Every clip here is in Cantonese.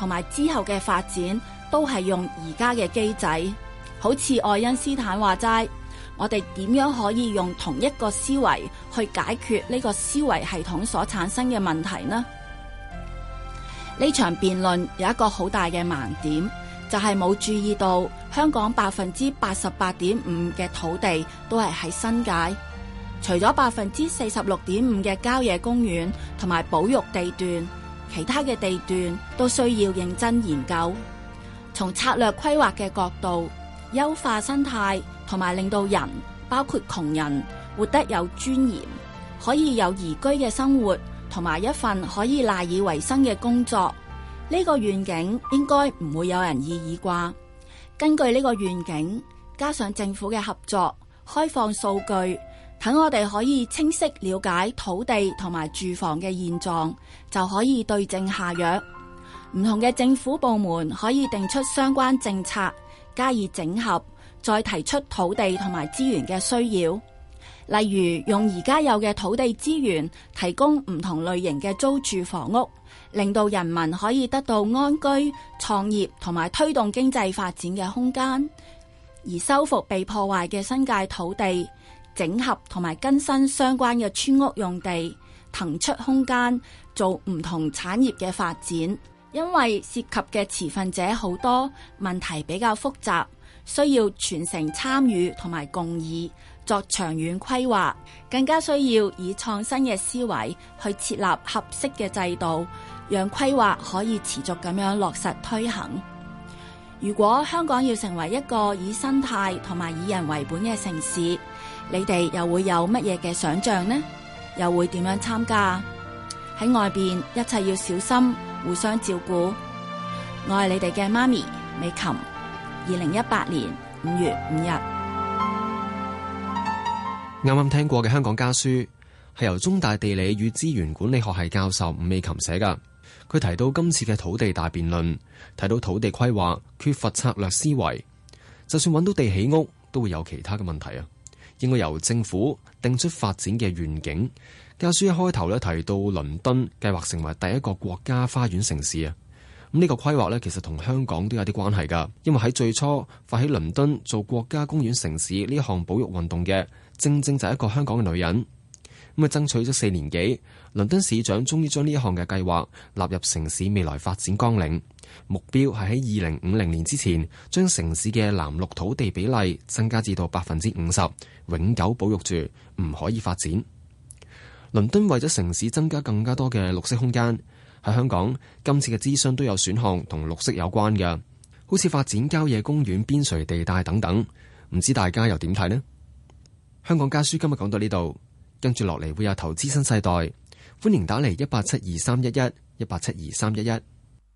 同埋之後嘅發展都係用而家嘅機制，好似愛因斯坦話齋，我哋點樣可以用同一個思維去解決呢個思維系統所產生嘅問題呢？呢場辯論有一個好大嘅盲點，就係冇注意到香港百分之八十八點五嘅土地都係喺新界，除咗百分之四十六點五嘅郊野公園同埋保育地段。其他嘅地段都需要認真研究，從策略規劃嘅角度優化生態，同埋令到人，包括窮人活得有尊嚴，可以有宜居嘅生活，同埋一份可以賴以為生嘅工作。呢個願景應該唔會有人異議啩？根據呢個願景，加上政府嘅合作，開放數據。等我哋可以清晰了解土地同埋住房嘅現狀，就可以對症下藥。唔同嘅政府部門可以定出相關政策，加以整合，再提出土地同埋資源嘅需要，例如用而家有嘅土地資源，提供唔同類型嘅租住房屋，令到人民可以得到安居、創業同埋推動經濟發展嘅空間，而修復被破壞嘅新界土地。整合同埋更新相關嘅村屋用地，騰出空間做唔同產業嘅發展。因為涉及嘅持份者好多，問題比較複雜，需要全城參與同埋共議，作長遠規劃。更加需要以創新嘅思維去設立合適嘅制度，讓規劃可以持續咁樣落實推行。如果香港要成為一個以生態同埋以人為本嘅城市。你哋又會有乜嘢嘅想象呢？又會點樣參加喺外邊？一切要小心，互相照顧。我係你哋嘅媽咪美琴。二零一八年五月五日，啱啱聽過嘅《香港家書》係由中大地理與資源管理學系教授伍美琴寫噶。佢提到今次嘅土地大辯論，提到土地規劃缺乏策略思維，就算揾到地起屋，都會有其他嘅問題啊。應該由政府定出發展嘅願景。教書一開頭咧提到倫敦計劃成為第一個國家花園城市啊，咁、這個、呢個規劃咧其實同香港都有啲關係噶，因為喺最初發起倫敦做國家公園城市呢項保育運動嘅，正正就係一個香港嘅女人。咁、嗯、啊爭取咗四年幾，倫敦市長終於將呢一項嘅計劃納入城市未來發展綱領。目標係喺二零五零年之前，將城市嘅藍綠土地比例增加至到百分之五十，永久保育住，唔可以發展。倫敦為咗城市增加更加多嘅綠色空間，喺香港今次嘅諮詢都有選項同綠色有關嘅，好似發展郊野公園、邊陲地帶等等。唔知大家又點睇呢？香港家書今日講到呢度，跟住落嚟會有投資新世代，歡迎打嚟一八七二三一一，一八七二三一一。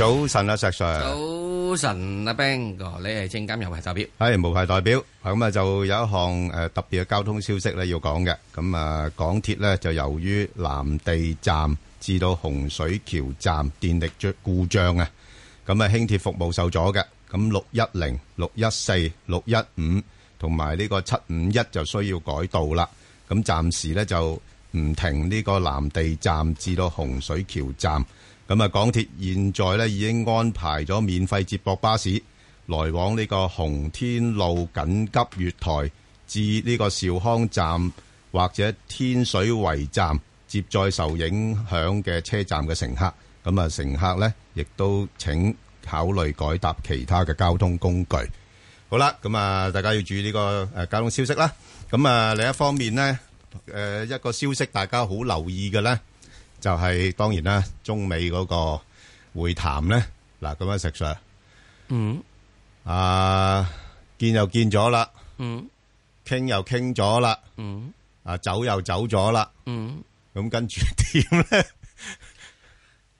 早晨啊，石 Sir！早晨啊，Ben 哥，你係正金入圍代表。係無牌代表。咁啊，就有一項誒特別嘅交通消息咧要講嘅。咁啊，港鐵咧就由於藍地站至到洪水橋站電力故障啊，咁啊輕鐵服務受阻嘅。咁六一零、六一四、六一五同埋呢個七五一就需要改道啦。咁暫時咧就唔停呢個藍地站至到洪水橋站。咁啊，港鐵現在咧已經安排咗免費接駁巴士，來往呢個洪天路緊急月台至呢個兆康站或者天水圍站，接載受影響嘅車站嘅乘客。咁啊，乘客呢亦都請考慮改搭其他嘅交通工具。好啦，咁啊，大家要注意呢、這個誒、啊、交通消息啦。咁啊，另一方面咧，誒、呃、一個消息大家好留意嘅呢。就係當然啦，中美嗰個會談咧，嗱咁樣食上，嗯，啊，見又見咗啦，嗯，傾又傾咗啦，嗯，啊，走又走咗啦，嗯，咁跟住點咧？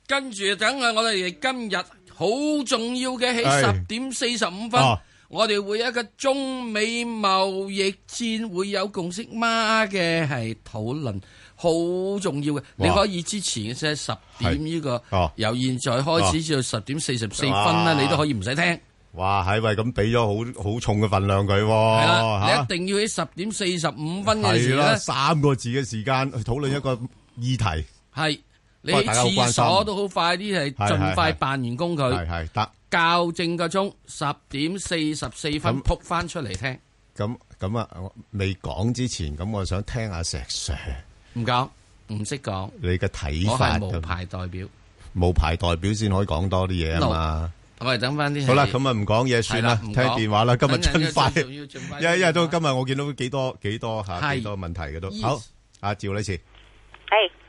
跟住等下我哋今日好重要嘅喺十點四十五分，我哋會有一個中美貿易戰會有共識嗎嘅係討論。好重要嘅，你可以之前嘅即係十點呢、這個哇由現在開始至到十點四十四分啦，哇你都可以唔使聽哇。哇，係喂咁俾咗好好重嘅份量佢係啦，你一定要喺十點四十五分嘅時咧、啊、三個字嘅時間去討論一個議題係你喺廁所都好快啲，係盡哇快辦完工佢係係得校正個鐘十點四十四分撲翻、嗯、出嚟聽咁咁啊？未講之前咁，我想聽下石 Sir。唔講，唔識講。你嘅睇法，冇牌代表。冇牌代表先可以講多啲嘢啊嘛。我哋等翻啲。好啦，咁啊唔講嘢算啦，聽電話啦。今日真快，一一日都今日我見到幾多幾多吓幾多問題嘅都。好，阿趙女士。誒，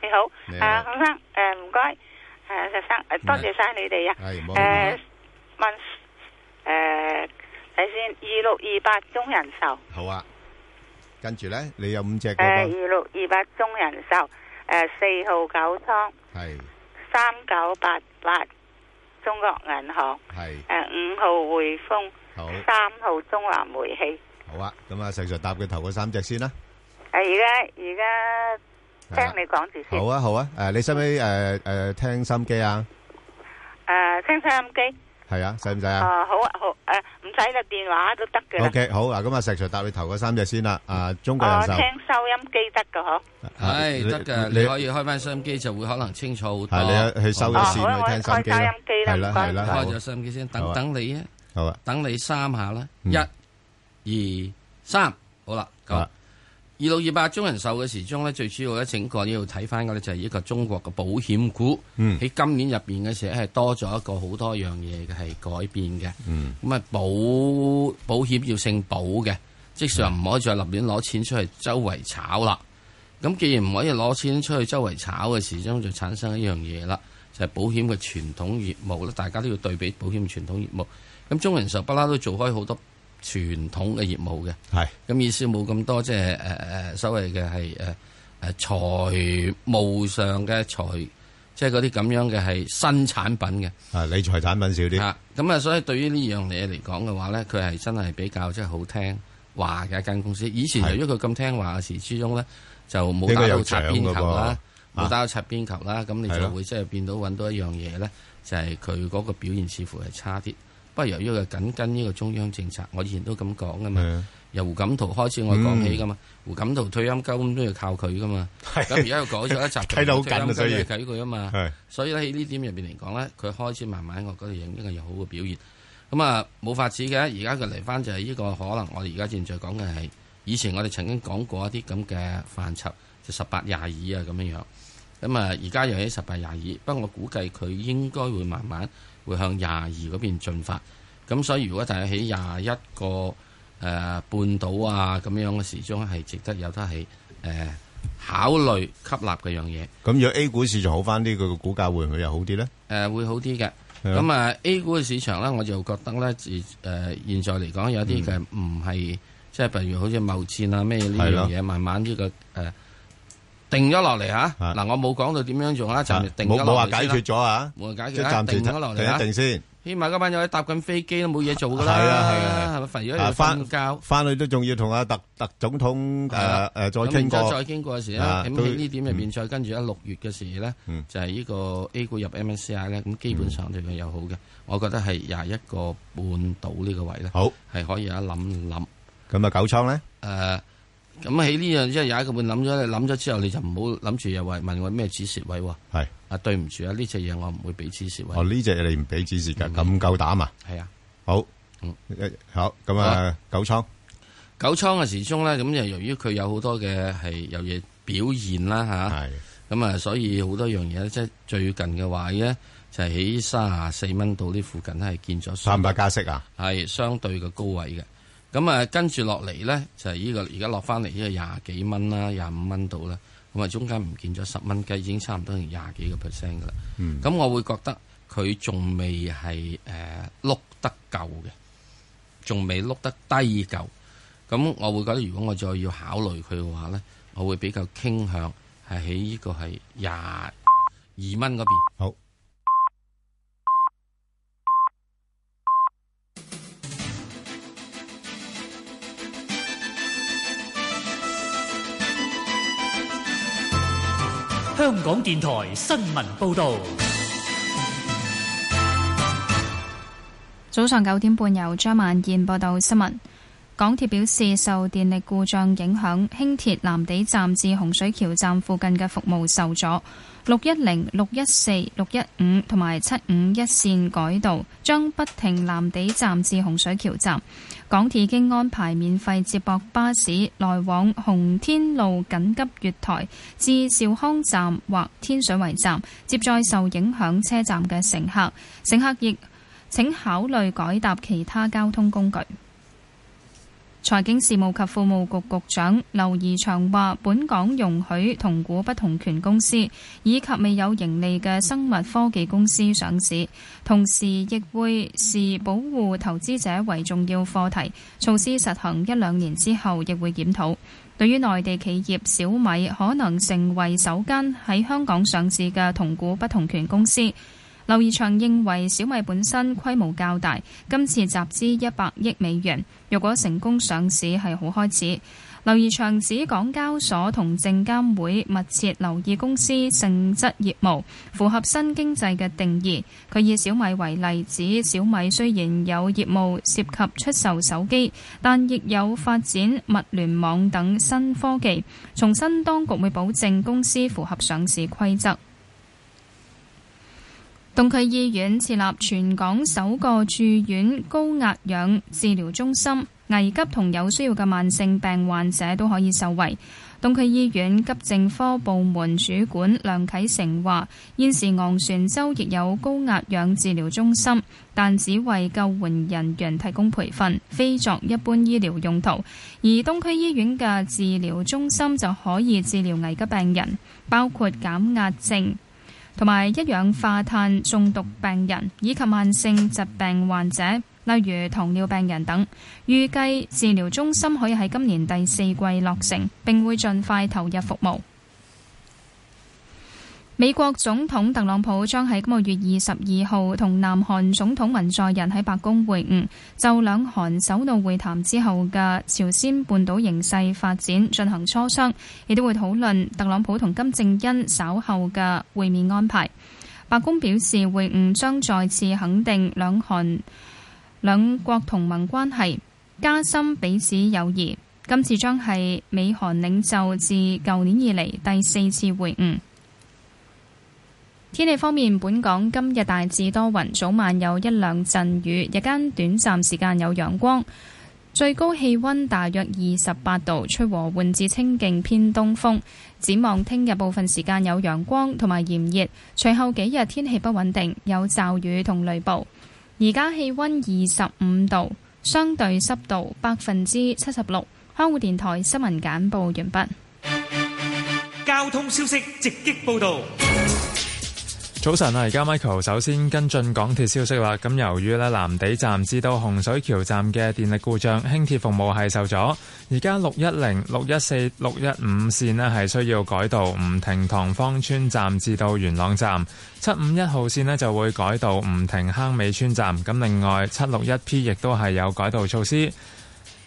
你好。你生。誒，唔該。石生，多謝晒你哋啊。係。問，誒，睇先，二六二八中人壽。好啊。跟住咧，你有五隻嗰個？誒，二六二八中人壽，誒，四號九倉，係三九八八中國銀行，係誒五號匯豐，好三號中南煤氣。好啊，咁啊，石 Sir 答佢頭嗰三隻先啦。誒，而家而家聽你講住先。好啊，好啊，誒，你使唔使誒誒聽心機啊？誒，聽心機。係啊，使唔使啊？哦，好啊，好誒，唔使啦，電話都得嘅啦。OK，好啊，咁啊，石 Sir 答你頭嗰三隻先啦。啊，中國人壽。啊，聽收音機得嘅嗬。係得嘅，你可以開翻收音機就會可能清楚好多。係你去收個線去聽收音機啦。好啦，我開收音機啦，唔該。係啦係啦，開咗收音機先，等等你啊。好啊，等你三下啦，一、二、三，好啦，咁。二六二八中人壽嘅時鐘咧，最主要咧整個要睇翻嘅咧就係一個中國嘅保險股喺、嗯、今年入邊嘅時候係多咗一個好多樣嘢嘅係改變嘅。咁啊、嗯、保保險要姓保嘅，即係話唔可以再立亂攞錢出去周圍炒啦。咁既然唔可以攞錢出去周圍炒嘅時鐘，就產生一樣嘢啦，就係、是、保險嘅傳統業務啦。大家都要對比保險傳統業務。咁中人壽不嬲都做開好多傳統嘅業務嘅，係咁的意思冇咁多，即係誒誒所謂嘅係誒誒財務上嘅財，即係嗰啲咁樣嘅係新產品嘅。啊，理財產品少啲。啊，咁啊，所以對於呢樣嘢嚟講嘅話咧，佢係真係比較即係好聽話嘅一間公司。以前由於佢咁聽話嘅時之中，始終咧就冇打到擦邊球啦，冇、那個、打到擦邊球啦，咁、啊啊、你就，的就會即係變到揾到一樣嘢咧，就係佢嗰個表現似乎係差啲。不過由於佢緊跟呢個中央政策，我以前都咁講噶嘛。的由胡錦濤開始，我講起噶嘛。嗯、胡錦濤退休鳩咁都要靠佢噶嘛。咁而家又改咗一集，睇到好緊、啊、所以靠於佢啊嘛。的所以咧喺呢點入邊嚟講咧，佢開始慢慢我覺得應該有好嘅表現。咁、嗯、啊冇法子嘅，而家佢嚟翻就係呢個可能我哋而家現在正講嘅係以前我哋曾經講過一啲咁嘅範疇，就十八廿二啊咁樣樣。咁啊而家又喺十八廿二，不過我估計佢應該會慢慢，會向廿二嗰邊進發，咁所以如果就係喺廿一個誒、呃、半島啊咁樣嘅時鐘，係值得有得係誒、呃、考慮吸納嘅樣嘢。咁、嗯、如果 A 股市場好返啲，佢、個股價會唔會又好啲咧？誒、呃，會好啲嘅。咁的啊，A 股嘅市場咧，我就覺得咧，誒、呃，現在嚟講有啲嘅唔係，即係、嗯、譬如好似貿戰啊咩呢樣嘢，的慢慢呢、個誒。呃定咗落嚟吓，嗱我冇講到點樣做啦，暫時定咗落嚟啦。冇冇話解決咗啊？冇話解決。即係定咗落嚟啊！定一定先。起碼嗰班仔搭緊飛機都冇嘢做噶啦。係啊係啊，係咪？凡而家又瞓個覺。翻去都仲要同阿特特總統誒誒再傾過。咁就再傾過嘅時候啦。點起呢點入面再跟住咧六月嘅時候咧，就係呢個 A 股入 MSCI 咧，咁基本上對佢又好嘅。我覺得係廿一個半到呢個位咧，好係可以啊諗諗。咁啊，九倉咧誒。咁喺呢樣即係有一個會諗咗，諗咗之後你就唔好諗住又話問我咩止蝕位喎？係是啊，對唔住啊，呢隻嘢我唔會俾止蝕位。哦，呢、這、隻、個、嘢你唔俾止蝕嘅，咁夠膽啊？係啊。好，嗯、好，咁啊，九倉倉，九倉嘅時鐘咧，咁就由於佢有好多嘅係有嘢表現啦，吓是，咁啊，所以好多樣嘢即係最近嘅話咧，就係喺三啊四蚊到呢附近都係見咗三百加息啊，係相對嘅高位嘅。咁啊，跟住落嚟咧，就係呢個而家落翻嚟，呢個廿幾蚊啦，廿五蚊到啦。咁啊，中間唔見咗十蚊雞，已經差唔多係廿幾個 percent 噶啦。咁，嗯，我會覺得佢仲未係誒碌得夠嘅，仲未碌得低夠。咁我會覺得，如果我再要考慮佢嘅話咧，我會比較傾向係喺呢個係廿二蚊嗰邊。好。香港電台新聞報道，早上九點半由張萬燕報道新聞。港鐵表示，受電力故障影響，輕鐵藍地站至洪水橋站附近嘅服務受阻。六一零、六一四、六一五同埋七五一線改道，將不停藍地站至洪水橋站。港鐵已經安排免費接駁巴士來往洪天路緊急月台至兆康站或天水圍站，接載受影響車站嘅乘客。乘客亦請考慮改搭其他交通工具。財經事務及庫務局局長劉怡翔話，本港容許同股不同權公司以及未有盈利嘅生物科技公司上市，同時亦會視保護投資者為重要課題。措施實行一兩年之後，亦會檢討。對於內地企業小米，可能成為首間喺香港上市嘅同股不同權公司。劉義祥認為小米本身規模較大，今次集資一百億美元，若果成功上市係好開始。劉義祥指港交所同證監會密切留意公司性質業務，符合新經濟嘅定義。佢以小米為例子，小米雖然有業務涉及出售手機，但亦有發展物聯網等新科技。重新當局會保證公司符合上市規則。東區醫院設立全港首個住院高壓氧治療中心，危急同有需要嘅慢性病患者都可以受惠。東區醫院急症科部門主管梁啟成話，現時昂船洲亦有高壓氧治療中心，但只為救援人員提供培訓，非作一般醫療用途。而東區醫院嘅治療中心就可以治療危急病人，包括減壓症。同埋一氧化碳中毒病人以及慢性疾病患者，例如糖尿病人等，預計治療中心可以喺今年第四季落成，並會盡快投入服務。美國總統特朗普將喺今個月二十二號同南韓總統文在人喺白宮會晤，就兩韓首腦會談之後嘅朝鮮半島形勢發展進行磋商，亦都會討論特朗普同金正恩稍後嘅會面安排。白宮表示，會晤將再次肯定兩韓兩國同盟關係，加深彼此友誼。今次將係美韓領袖自舊年以嚟第四次會晤。天氣方面，本港今日大致多雲，早晚有一兩陣雨，日間短暫時間有陽光，最高氣溫大約二十八度，吹和緩至清勁偏東風。展望聽日部分時間有陽光同埋炎熱，隨後幾日天氣不穩定，有驟雨同雷暴。而家氣溫二十五度，相對濕度百分之七十六。香港電台新聞簡報完畢。交通消息直擊報道。早晨啊，而家 Michael 首先跟進港鐵消息啦。咁由於呢，藍地站至到洪水橋站嘅電力故障，輕鐵服務係受阻。而家六一零、六一四、六一五線呢係需要改道，唔停塘坊村站至到元朗站。七五一號線呢就會改道，唔停坑尾村站。咁另外七六一 P 亦都係有改道措施。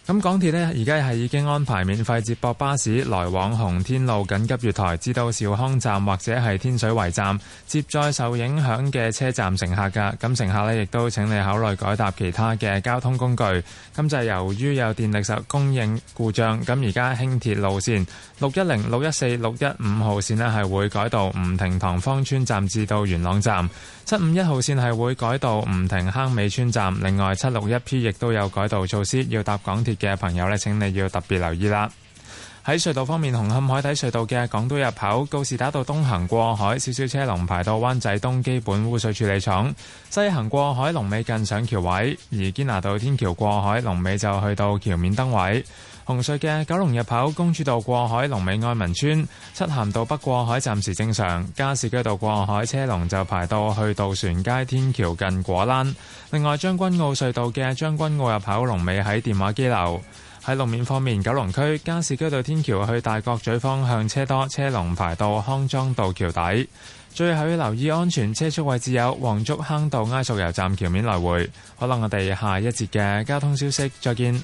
咁港鐵咧，而家係已經安排免費接駁巴士來往洪天路緊急月台，至到兆康站或者係天水圍站接載受影響嘅車站乘客噶。咁乘客咧，亦都請你考慮改搭其他嘅交通工具。咁就係由於有電力實供應故障，咁而家輕鐵路線六一零、六一四、六一五號線咧係會改道，唔停塘坊村站至到元朗站，七五一號線係會改道，唔停坑尾村站。另外，七六一 P 亦都有改道措施，要搭港鐵嘅朋友呢，請你要特別留意啦！喺隧道方面，紅磡海底隧道嘅港島入口告士打道東行過海，少少車龍排到灣仔東基本污水處理廠；西行過海龍尾近上橋位，而堅拿道天橋過海龍尾就去到橋面燈位。紅隧嘅九龍入口公主道過海，龍尾愛民村、漆咸道北過海暫時正常。加士居道過海車龍就排到去渡船街天橋近果欄。另外，將軍澳隧道嘅將軍澳入口龍尾喺電話機樓。喺路面方面，九龍區加士居道天橋去大角咀方向車多，車龍排到康莊道橋底。最後要留意安全車速位置有黃竹坑道埃索油站橋面來回。可能我哋下一節嘅交通消息再見。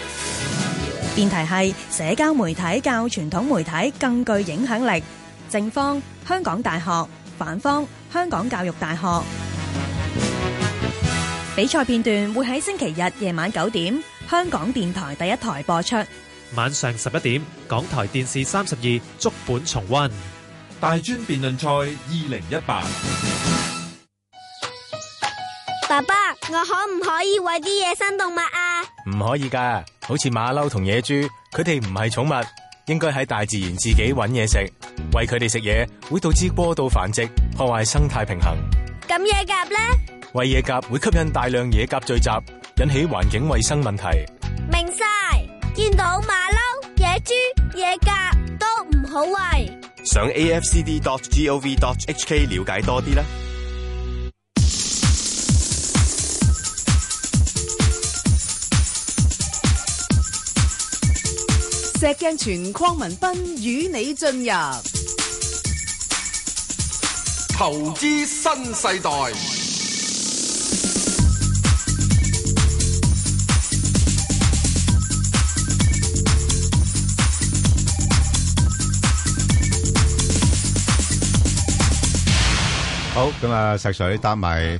辯題係社交媒體較傳統媒體更具影響力。正方香港大學，反方香港教育大學。比賽片段會喺星期日夜晚九點，香港電台第一台播出。晚上十一點，港台電視三十二足本重溫大專辯論賽二零一八。爸爸，我可唔可以餵啲野生動物啊？唔可以噶，好似馬騮同野豬，佢哋唔係寵物，應該喺大自然自己揾嘢食。喂佢哋食嘢會導致過度繁殖，破壞生態平衡。咁野鴿呢？喂野鴿會吸引大量野鴿聚集，引起環境衛生問題。明晒，見到馬騮、野豬、野鴿都唔好喂。上 AFCD.gov.hk 了解多啲啦。石鏡泉、鄺民彬與你進入投資新世代。好，咁、嗯、啊，石水搭埋誒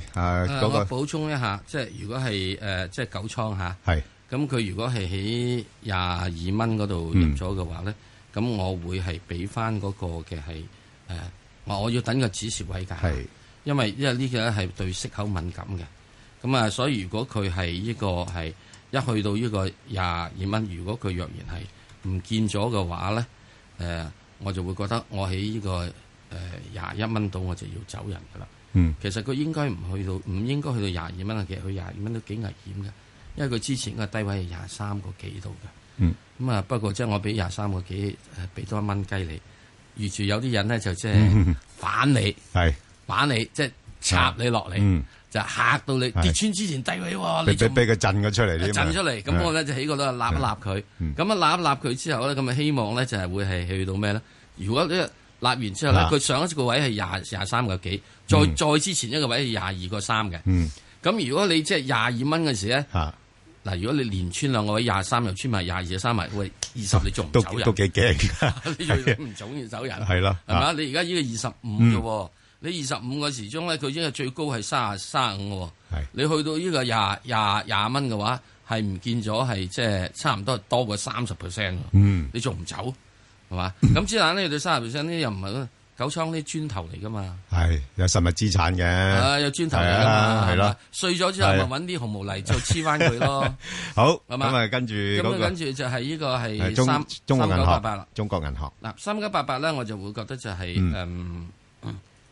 嗰個補充一下，即係如果係誒、呃、即係九倉吓係。啊。咁佢如果係喺廿二蚊嗰度入咗嘅話咧，咁、嗯、我會係俾翻嗰個嘅係誒，我、呃、我要等個止蝕位㗎，是因為因為呢個係對息口敏感嘅。咁啊，所以如果佢係呢個係一去到呢個廿二蚊，如果佢若然係唔見咗嘅話咧，誒、呃、我就會覺得我喺呢個誒廿一蚊度我就要走人㗎啦。嗯、其實佢應該唔去到，唔應該去到廿二蚊啊！其實佢廿二蚊都幾危險嘅。因為佢之前個低位係廿三個幾度嘅，咁啊不過即係我俾廿三個幾誒俾多一蚊雞你，預住有啲人咧就即係反你係反你即係插你落嚟，就嚇到你跌穿之前低位喎，你俾佢震咗出嚟，你震出嚟咁我咧就喺嗰度立一立佢，咁立一立佢之後咧咁啊希望咧就係會係去到咩咧？如果呢立完之後咧，佢上一次個位係廿廿三個幾，再再之前一個位係廿二個三嘅，咁如果你即係廿二蚊嘅時咧。嗱，如果你連穿兩個位廿三又穿埋，廿二又穿埋，喂，二十你做唔走人？都都幾驚， 你仲唔早要走人？係咯，係嘛？你而家、嗯、呢個二十五啫喎，你二十五個時鐘咧，佢已經係最高係卅三五喎。你去到呢個廿廿廿蚊嘅話，係唔見咗係即係差唔多多過三十 percent 你仲唔走？係嘛？咁、嗯、之啦，呢啲三十 percent 呢又唔係九倉啲磚頭嚟㗎嘛，係有實物資產嘅。啊，有磚頭嚟啦，係咯。碎咗之後咪揾啲紅毛泥就黐翻佢咯。好，咁啊，跟住咁啊，跟住就係呢個係三三九八八，中國銀行。嗱，三九八八咧，我就會覺得就係嗯，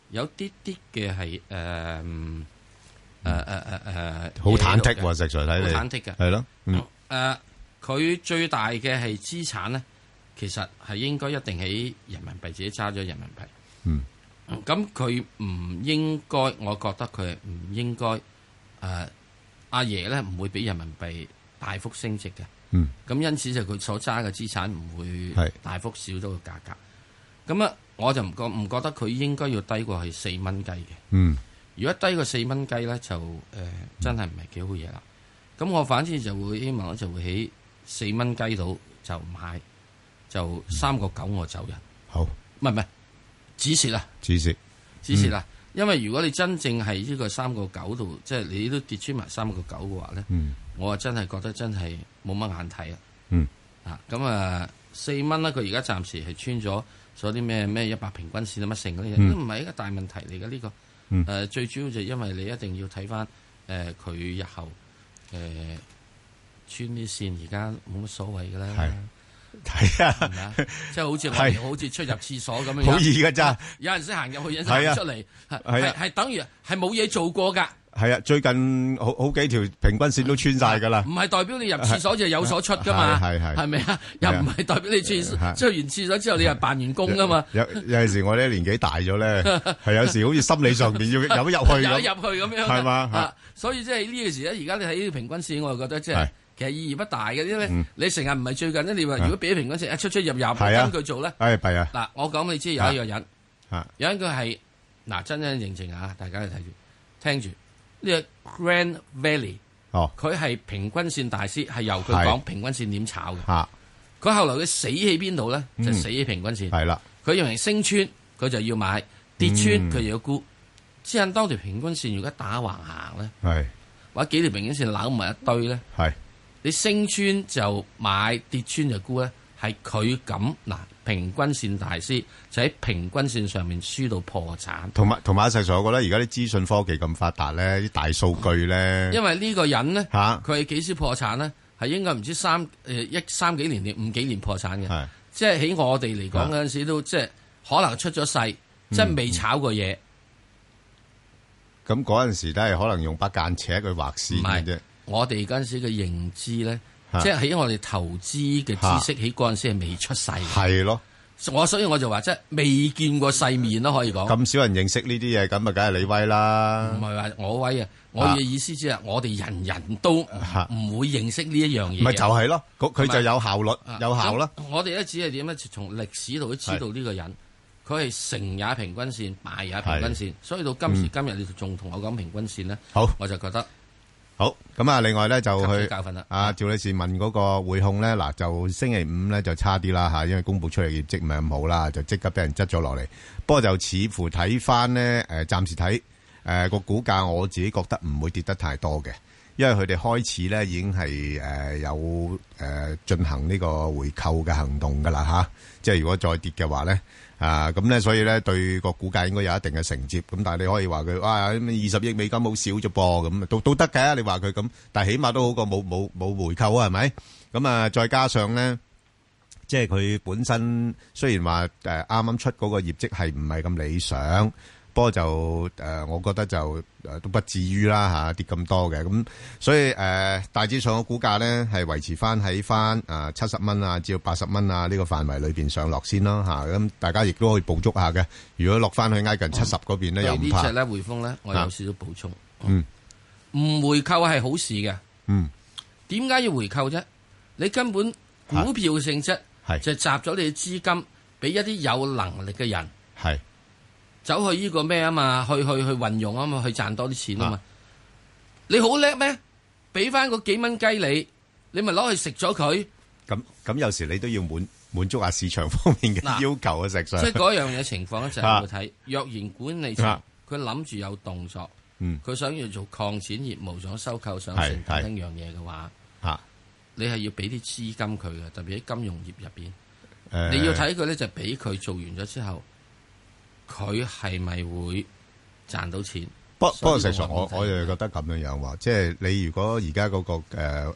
有啲啲嘅係誒，誒誒誒誒，好忐忑嘅，實在睇嚟。忐忑嘅係咯，誒，佢最大嘅係資產咧。其實係應該一定喺人民幣自己揸咗人民幣，民幣嗯，咁佢唔應該，我覺得佢唔應該。誒、呃，阿爺咧唔會俾人民幣大幅升值嘅，嗯，咁因此就佢所揸嘅資產唔會大幅少咗個價格。咁啊是，我就唔覺唔覺得佢應該要低過係四蚊雞嘅。嗯，如果低過四蚊雞咧，就誒、呃嗯、真係唔係幾好嘢啦。咁我反正就會希望我就會喺四蚊雞度就買，就三個九我走人，好，唔係唔係，止蝕啦，止蝕，止蝕啦。因為如果你真正係呢個三個九度，即係你都跌穿埋三個九嘅話咧，嗯、我啊真係覺得真係冇乜眼睇、嗯、啊。嗯，啊咁啊四蚊啦，佢而家暫時係穿咗所有啲咩咩一百平均線啊乜剩嗰啲嘢都唔係一個大問題嚟嘅呢個。誒、嗯呃、最主要就係因為你一定要睇翻誒佢日後誒、呃、穿啲線，而家冇乜所謂㗎啦。係啊，即係好似好似出入廁所咁樣好易噶咋？有人識行入去，有人出嚟，係等於係冇嘢做過噶。係啊，最近好好幾條平均線都穿晒噶啦。唔係代表你入廁所就有所出噶嘛？係咪啊？又唔係代表你出出完廁所之後你又辦完工噶嘛？有有陣時我咧年紀大咗咧，係有時好似心理上邊要有得入去，有得入去咁樣，係嘛？所以即係呢個時咧，而家你喺呢啲平均線，我就覺得即係。意義不大嘅，因為你成日唔係最近咧，你話如果俾平均線一出出入入，跟佢做咧，係係啊。嗱，我講你知有一樣人，有一個係嗱真真情情啊！大家睇住，聽住呢個 Grand Valley，佢係平均線大師，係由佢講平均線點炒嘅。佢後來佢死喺邊度咧？就死喺平均線。係啦，佢用嚟升穿，佢就要買，跌穿佢就要沽。只係當條平均線如果打橫行咧，係或者幾條平均線扭埋一堆咧，係。你升穿就買，跌穿就沽咧，係佢咁。嗱，平均線大師就喺平均線上面輸到破產。同埋同埋阿石所講咧，而家啲資訊科技咁發達咧，啲大數據咧，因為呢個人咧，佢係幾時破產咧？係應該唔知三誒一三幾年定五幾年破產嘅。係是即係喺我哋嚟講嗰陣時都麼即係可能出咗世，即係、嗯、未炒過嘢。咁嗰陣時都係可能用把間尺佢畫線嘅啫。我哋嗰陣時嘅認知咧，即係喺我哋投資嘅知識喺嗰陣時係未出世。係咯，我所以我就話即係未見過世面咯，可以講。咁少人認識呢啲嘢，咁咪梗係你威啦。唔係話我威啊，我嘅意思即係我哋人人都唔會認識呢一樣嘢。咪就係咯，佢就有效率，有效率。我哋一知係點咧？從歷史度都知道呢個人，佢係成也平均線，敗也平均線。所以到今時今日，你仲同我講平均線咧，好，我就覺得。好，咁啊，另外咧就去教訓啊，趙女士問嗰個匯控咧，嗱就星期五咧就差啲啦吓，因為公布出嚟業績唔係咁好啦，就即刻俾人執咗落嚟。不過就似乎睇翻咧，誒、呃，暫時睇誒個股價，我自己覺得唔會跌得太多嘅，因為佢哋開始咧已經係誒有誒進行呢個回購嘅行動噶啦吓，即係如果再跌嘅話咧。啊，咁咧，所以咧，對個股價應該有一定嘅承接。咁但係你可以話佢，哇，二十億美金好少啫噃，咁都都得嘅。你話佢咁，但係起碼都好過冇冇冇回購啊，係咪？咁啊，再加上咧，即係佢本身雖然話誒啱啱出嗰個業績係唔係咁理想。不過就誒，我覺得就誒，都不至於啦，吓，跌咁多嘅。咁，所以誒，大致上嘅股價咧係維持翻喺翻啊七十蚊，啊，至到八十蚊，啊呢個範圍裏邊上落先咯，吓，咁，大家亦都可以捕捉下嘅。如果落翻去挨近七十嗰邊咧，嗯、又唔怕。有啲嘢咧，匯豐咧，我有少少補充、啊。嗯，唔回購係好事嘅。嗯，點、啊、解要回購啫？你根本股票性質係就集咗你嘅資金俾一啲有能力嘅人係。啊走去呢個咩啊嘛？去去去運用啊嘛，去賺多啲錢啊嘛！你好叻咩？俾翻嗰幾蚊雞你，你咪攞去食咗佢。咁咁有時你都要滿滿足下市場方面嘅要求啊！石 Sir，即係嗰樣嘢情況咧就係要睇。若然管理層佢諗住有動作，嗯，佢想要做擴展業務、想收購、想成等樣嘢嘅話，吓，你係要俾啲資金佢嘅，特別喺金融業入邊，你要睇佢咧就俾佢做完咗之後。佢係咪會賺到錢？不不過，實在我我又覺得咁樣樣話，即係你如果而家嗰個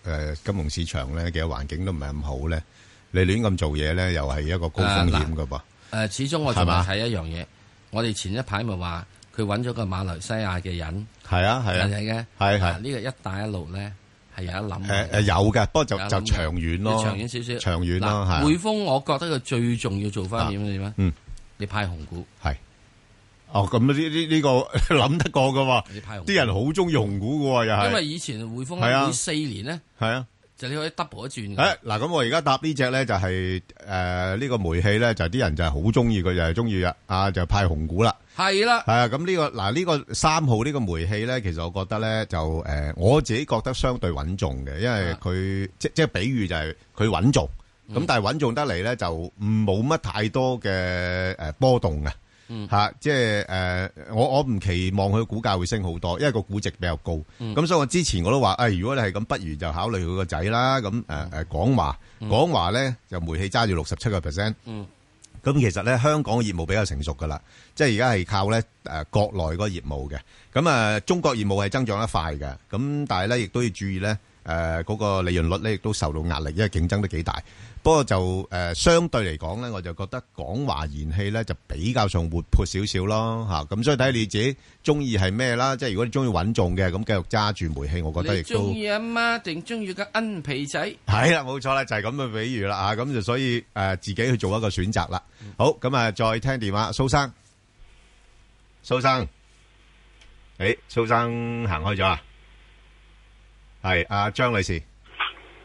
誒金融市場咧嘅環境都唔係咁好咧，你亂咁做嘢咧，又係一個高風險㗎噃。誒，始終我仲係睇一樣嘢。我哋前一排咪話佢揾咗個馬來西亞嘅人。係啊，係啊。係嘅，係係。呢個一帶一路咧係有一諗嘅。誒有嘅，不過就就長遠咯，長遠少少，長遠咯。係。匯豐，我覺得佢最重要做翻點咧點嗯。你派紅股係，哦咁呢呢呢個諗 得過嘅喎，啲人好中意紅股嘅喎，又係。因為以前匯豐咧，四年咧，係啊，就你可以 double 一轉。嗱、啊，咁我而家搭呢隻咧，就係誒呢個煤氣咧、就是，就啲人就係好中意佢，就係中意啊，就派紅股啦。係啦，係啊，咁呢、啊這個嗱呢、啊這個三號呢個煤氣咧，其實我覺得咧就誒、呃，我自己覺得相對穩重嘅，因為佢即即係比喻就係佢穩重。咁但係穩重得嚟咧，就唔冇乜太多嘅，誒波動嘅吓，即係誒我我唔期望佢股價會升好多，因為個估值比較高。咁所以我之前我都話，誒如果你係咁，不如就考慮佢個仔啦。咁誒誒港華，港華咧就煤氣揸住六十七個 percent。咁其實咧香港嘅業務比較成熟噶啦，即係而家係靠咧誒國內嗰個業務嘅。咁啊中國業務係增長得快嘅，咁但係咧亦都要注意咧誒嗰個利潤率咧亦都受到壓力，因為競爭得幾大。不過就誒，相對嚟講咧，我就覺得港華燃氣咧就比較上活潑少少咯，吓咁所以睇下你自己中意係咩啦。即係如果你中意穩重嘅，咁繼續揸住煤氣，我覺得亦都。中意阿媽定中意個恩皮仔？係啦，冇錯啦，就係咁嘅比喻啦，吓咁就所以誒，自己去做一個選擇啦。好，咁啊，再聽電話，蘇生，蘇生，誒，蘇生行開咗啊？係阿張女士。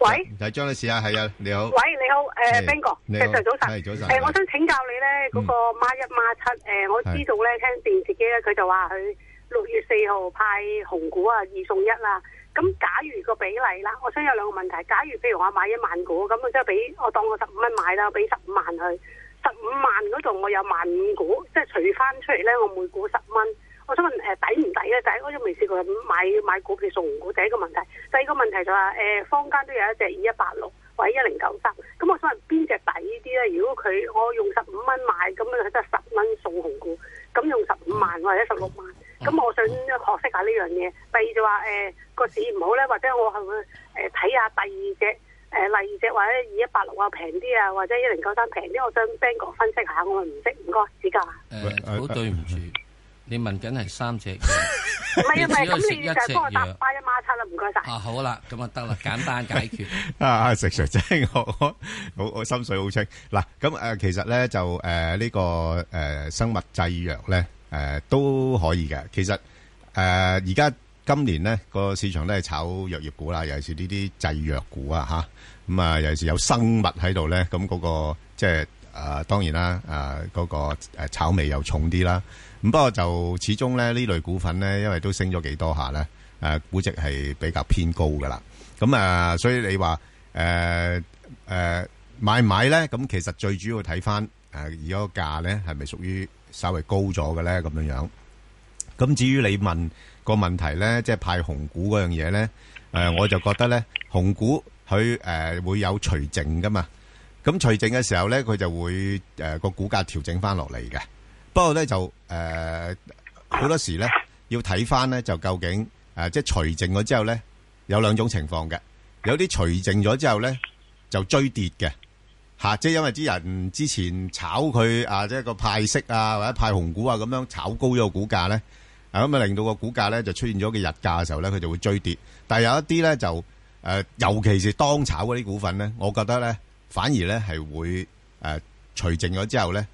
喂，係張女士啊，係啊，你好。喂，你好，誒，Ben 哥，早上早晨。早晨。誒、呃，是我想請教你咧，嗰、嗯、個孖一孖七，誒、呃，我知道咧，是聽電視機咧，佢就話佢六月四號派紅股啊，二送一啦、啊，咁假如個比例啦，我想有兩個問題。假如譬如我買一萬股，咁我即係俾我當我十五蚊買啦，我俾十五萬去，十五萬嗰度我有萬五股，即係除翻出嚟咧，我每股十蚊。我想問誒，抵唔抵咧？抵、就是、我都未試過買買股票送紅股，第、就是、一個問題，第二個問題就話、是、誒，坊間都有一隻二一八六或者一零九三，咁我想問邊隻抵啲咧？如果佢我用十五蚊買，咁樣佢得十蚊送紅股，咁用十五萬或者十六萬，咁、嗯、我想學識下呢樣嘢。第二就話誒個市唔好咧，或者我係誒睇下第二隻誒，第二隻或者二一八六啊平啲啊，或者一零九三平啲，我想 Bang 哥分析下。我唔識，唔該，指教。誒、嗯，好對唔住。你問緊係三隻，唔係啊，唔係，咁你就要就幫我答翻一馬車啦，唔該晒。啊好啦，咁啊得啦，簡單解決啊，食水清，我我心水好清嗱。咁誒，其實咧就誒呢個誒生物製藥咧誒都可以嘅。其實誒而家今年咧個市場都係炒藥業股啦，尤其是呢啲製藥股啊吓。咁啊，尤其是有生物喺度咧，咁嗰個即係誒當然啦，誒嗰個誒炒味又重啲啦。咁不過就始終咧呢類股份咧，因為都升咗幾多下咧，誒、呃，估值係比較偏高噶啦。咁、嗯、啊、呃，所以你話誒誒買唔買咧？咁其實最主要睇翻誒而家個價咧，係咪屬於稍微高咗嘅咧？咁樣樣。咁至於你問、這個問題咧，即係派紅股嗰樣嘢咧，誒、呃，我就覺得咧，紅股佢誒、呃、會有除淨噶嘛。咁、嗯、除淨嘅時候咧，佢就會誒個、呃、股價調整翻落嚟嘅。不過咧就誒好、呃、多時咧要睇翻咧就究竟誒、呃、即係除淨咗之後咧，有兩種情況嘅，有啲除淨咗之後咧就追跌嘅吓、啊，即係因為啲人之前炒佢啊，即係個派息啊或者派紅股啊咁樣炒高咗個股價咧，咁啊、嗯、令到個股價咧就出現咗嘅日價嘅時候咧，佢就會追跌。但係有一啲咧就誒、呃，尤其是當炒嗰啲股份咧，我覺得咧反而咧係會誒除淨咗之後咧。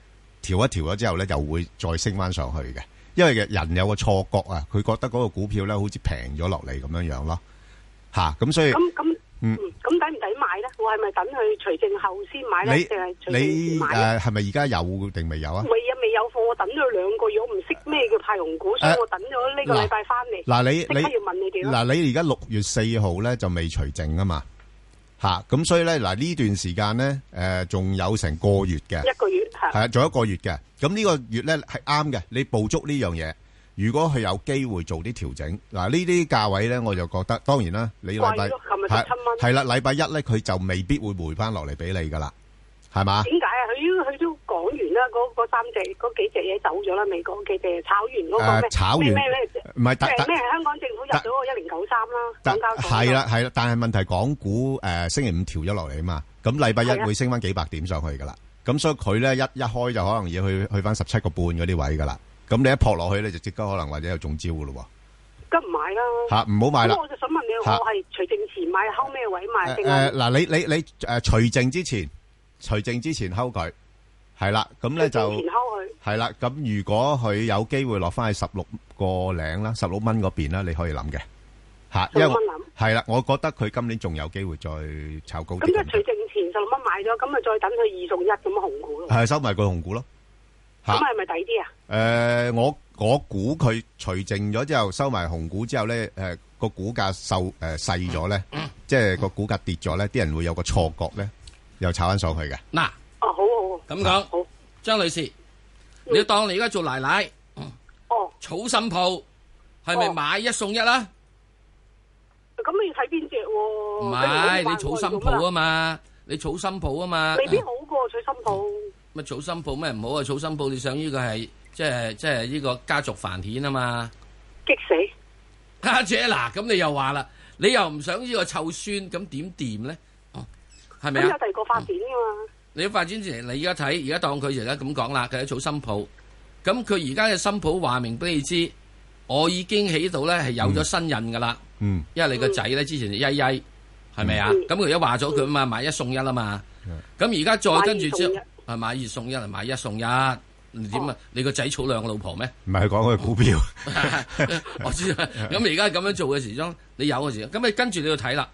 調一調咗之後咧，又會再升翻上去嘅，因為人有個錯覺啊，佢覺得嗰個股票咧好似平咗落嚟咁樣樣咯，吓、啊，咁所以咁咁，咁抵唔抵買咧？我係咪等佢除淨後先買咧？你係你係咪而家有定未有啊？未啊，未有貨，我等咗兩個月，我唔識咩叫派紅股，所以我等咗呢個禮拜翻嚟。嗱你你要問你哋嗱你而家六月四號咧就未除淨啊嘛。吓，咁、啊、所以咧，嗱呢段時間咧，誒仲有成個月嘅，一個月嚇，係啊，仲有一個月嘅。咁呢個月咧係啱嘅，你捕捉呢樣嘢。如果佢有機會做啲調整，嗱、啊、呢啲價位咧，我就覺得當然啦，你禮拜係啦，禮拜一咧佢就未必會回翻落嚟俾你噶啦。係嘛？點解啊？佢佢都講完啦，嗰嗰三隻嗰幾隻嘢走咗啦，未講佢哋炒完嗰個咩咩咩咧？唔係即係咩？香港政府入咗個一零九三啦，係啦係啦。但係問題港股誒星期五調咗落嚟啊嘛，咁禮拜一會升翻幾百點上去噶啦。咁所以佢咧一一開就可能要去去翻十七個半嗰啲位噶啦。咁你一撲落去咧，就即刻可能或者有中招噶咯。咁唔買啦吓，唔好買。咁我就想問你，我係除淨前買，後咩位買？誒嗱，你你你誒除淨之前。除淨之前收佢，係啦，咁咧就除淨前收佢，係啦。咁如果佢有機會落翻去十六個零啦，十六蚊嗰邊啦，你可以諗嘅吓，因為係啦，我覺得佢今年仲有機會再炒高。咁即係除淨前十六蚊買咗，咁咪再等佢二送一咁紅股咯。係收埋個紅股咯。咁係咪抵啲啊？誒，我我估佢除淨咗之後收埋紅股之後咧，誒個股價受誒細咗咧，即係個股價跌咗咧，啲人會有個錯覺咧。又炒翻上去嘅嗱，哦，好好咁講，好張女士，你要當你而家做奶奶，哦，娶心抱，係咪買一送一啦？咁、哦啊啊、你要睇邊隻？唔係是你，你娶心抱啊，啊婆婆嘛，你娶心抱啊嘛，未必好過娶心抱。乜娶心抱咩唔好啊？嗯、娶心抱，你想呢個係即係即係呢個家族繁衍啊嘛？激死家、啊、姐嗱，咁、啊、你又話啦，你，你又唔想呢個湊孫咁點掂咧？咪？都有第二個發展噶嘛？你發展之前，你而家睇，而家當佢而家咁講啦，佢喺草新抱。咁佢而家嘅新抱話明俾你知，我已經起度咧係有咗身孕噶啦。嗯，因為你個仔咧之前就曳曳，係咪啊？咁佢而家話咗佢啊嘛，買一送一啊嘛。咁而家再跟住之後，啊買二送一，嚟買一送一，點啊？你個仔儲兩個老婆咩？唔係講佢股票。我知啊。咁而家咁樣做嘅時候，你有嘅時候，咁你跟住你要睇啦。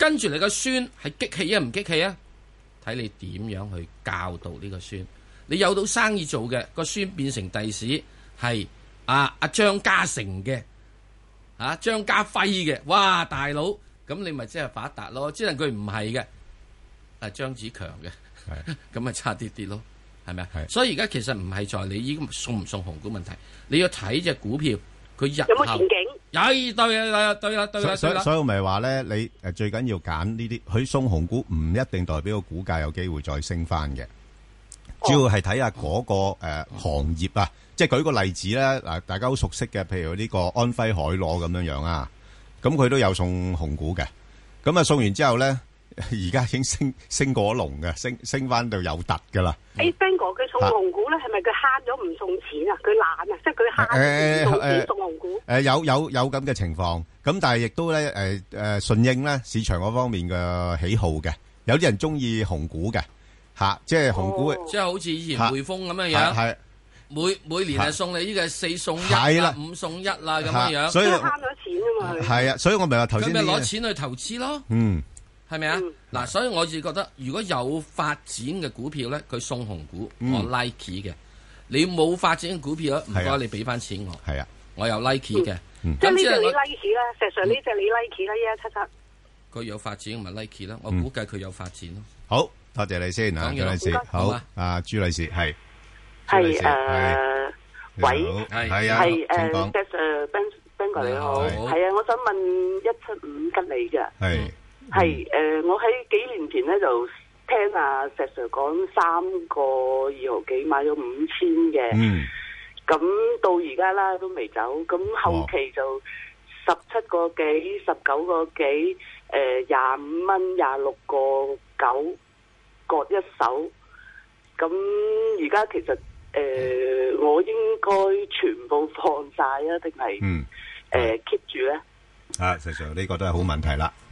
跟住你個孫係激氣啊，唔激氣啊，睇你點樣去教導呢個孫。你有到生意做嘅，個孫變成第子係阿阿張家成嘅，吓、啊、張家輝嘅，哇大佬，咁你咪即係發達咯。即係佢唔係嘅，係、啊、張子強嘅，係咁咪差啲啲咯，係咪是所以而家其實唔係在你已經送唔送紅股問題，你要睇隻股票佢日後。有有，對啦，對啦，對啦，對啦，所以所以我咪話咧，你誒最緊要揀呢啲，佢送紅股唔一定代表個股價有機會再升翻嘅，主要係睇下嗰個誒行業啊，即係舉個例子咧嗱，大家好熟悉嘅，譬如呢個安徽海螺咁樣樣啊，咁佢都有送紅股嘅，咁啊送完之後咧。而家已經升升過龍嘅，升升翻到有突㗎喇。哎，Ben 哥，佢送紅股咧，係咪佢慳咗唔送錢啊？佢懶啊，即係佢慳咗唔送錢送紅股。誒，有有有咁嘅情況，咁但係亦都咧誒誒順應咧市場嗰方面嘅喜好嘅，有啲人中意紅股嘅吓，即係紅股，即係好似以前匯豐咁樣樣，係每每年係送你呢個四送一啦，五送一啦咁樣樣，所以慳咗錢啊嘛，佢係啊，所以我咪話頭先攞錢去投資咯，嗯。係咪啊？嗱，所以我亦覺得如果有發展嘅股票咧，佢送紅股我 like 嘅。你冇發展嘅股票唔該你俾翻錢我。係啊，我有 like 嘅。咁呢係你 like 啦，Sir s i 呢隻你 like 啦，一一七七。佢有發展唔係 like 咯？我估計佢有發展咯。好多謝你先啊，朱女士，好啊，朱女士係。係誒，喂，係誒 s i 你好，係啊，我想問一七五吉利嘅。係。係誒、呃，我喺幾年前咧就聽阿、啊、石 Sir 講三個二毫幾買咗五千嘅，咁、嗯、到而家啦都未走，咁後期就十七個幾、十九個幾、誒、呃、廿五蚊、廿六個九各一手，咁而家其實誒、呃、我應該全部放晒啊，定係誒 keep 住咧、啊？啊，石 Sir 呢個都係好問題啦。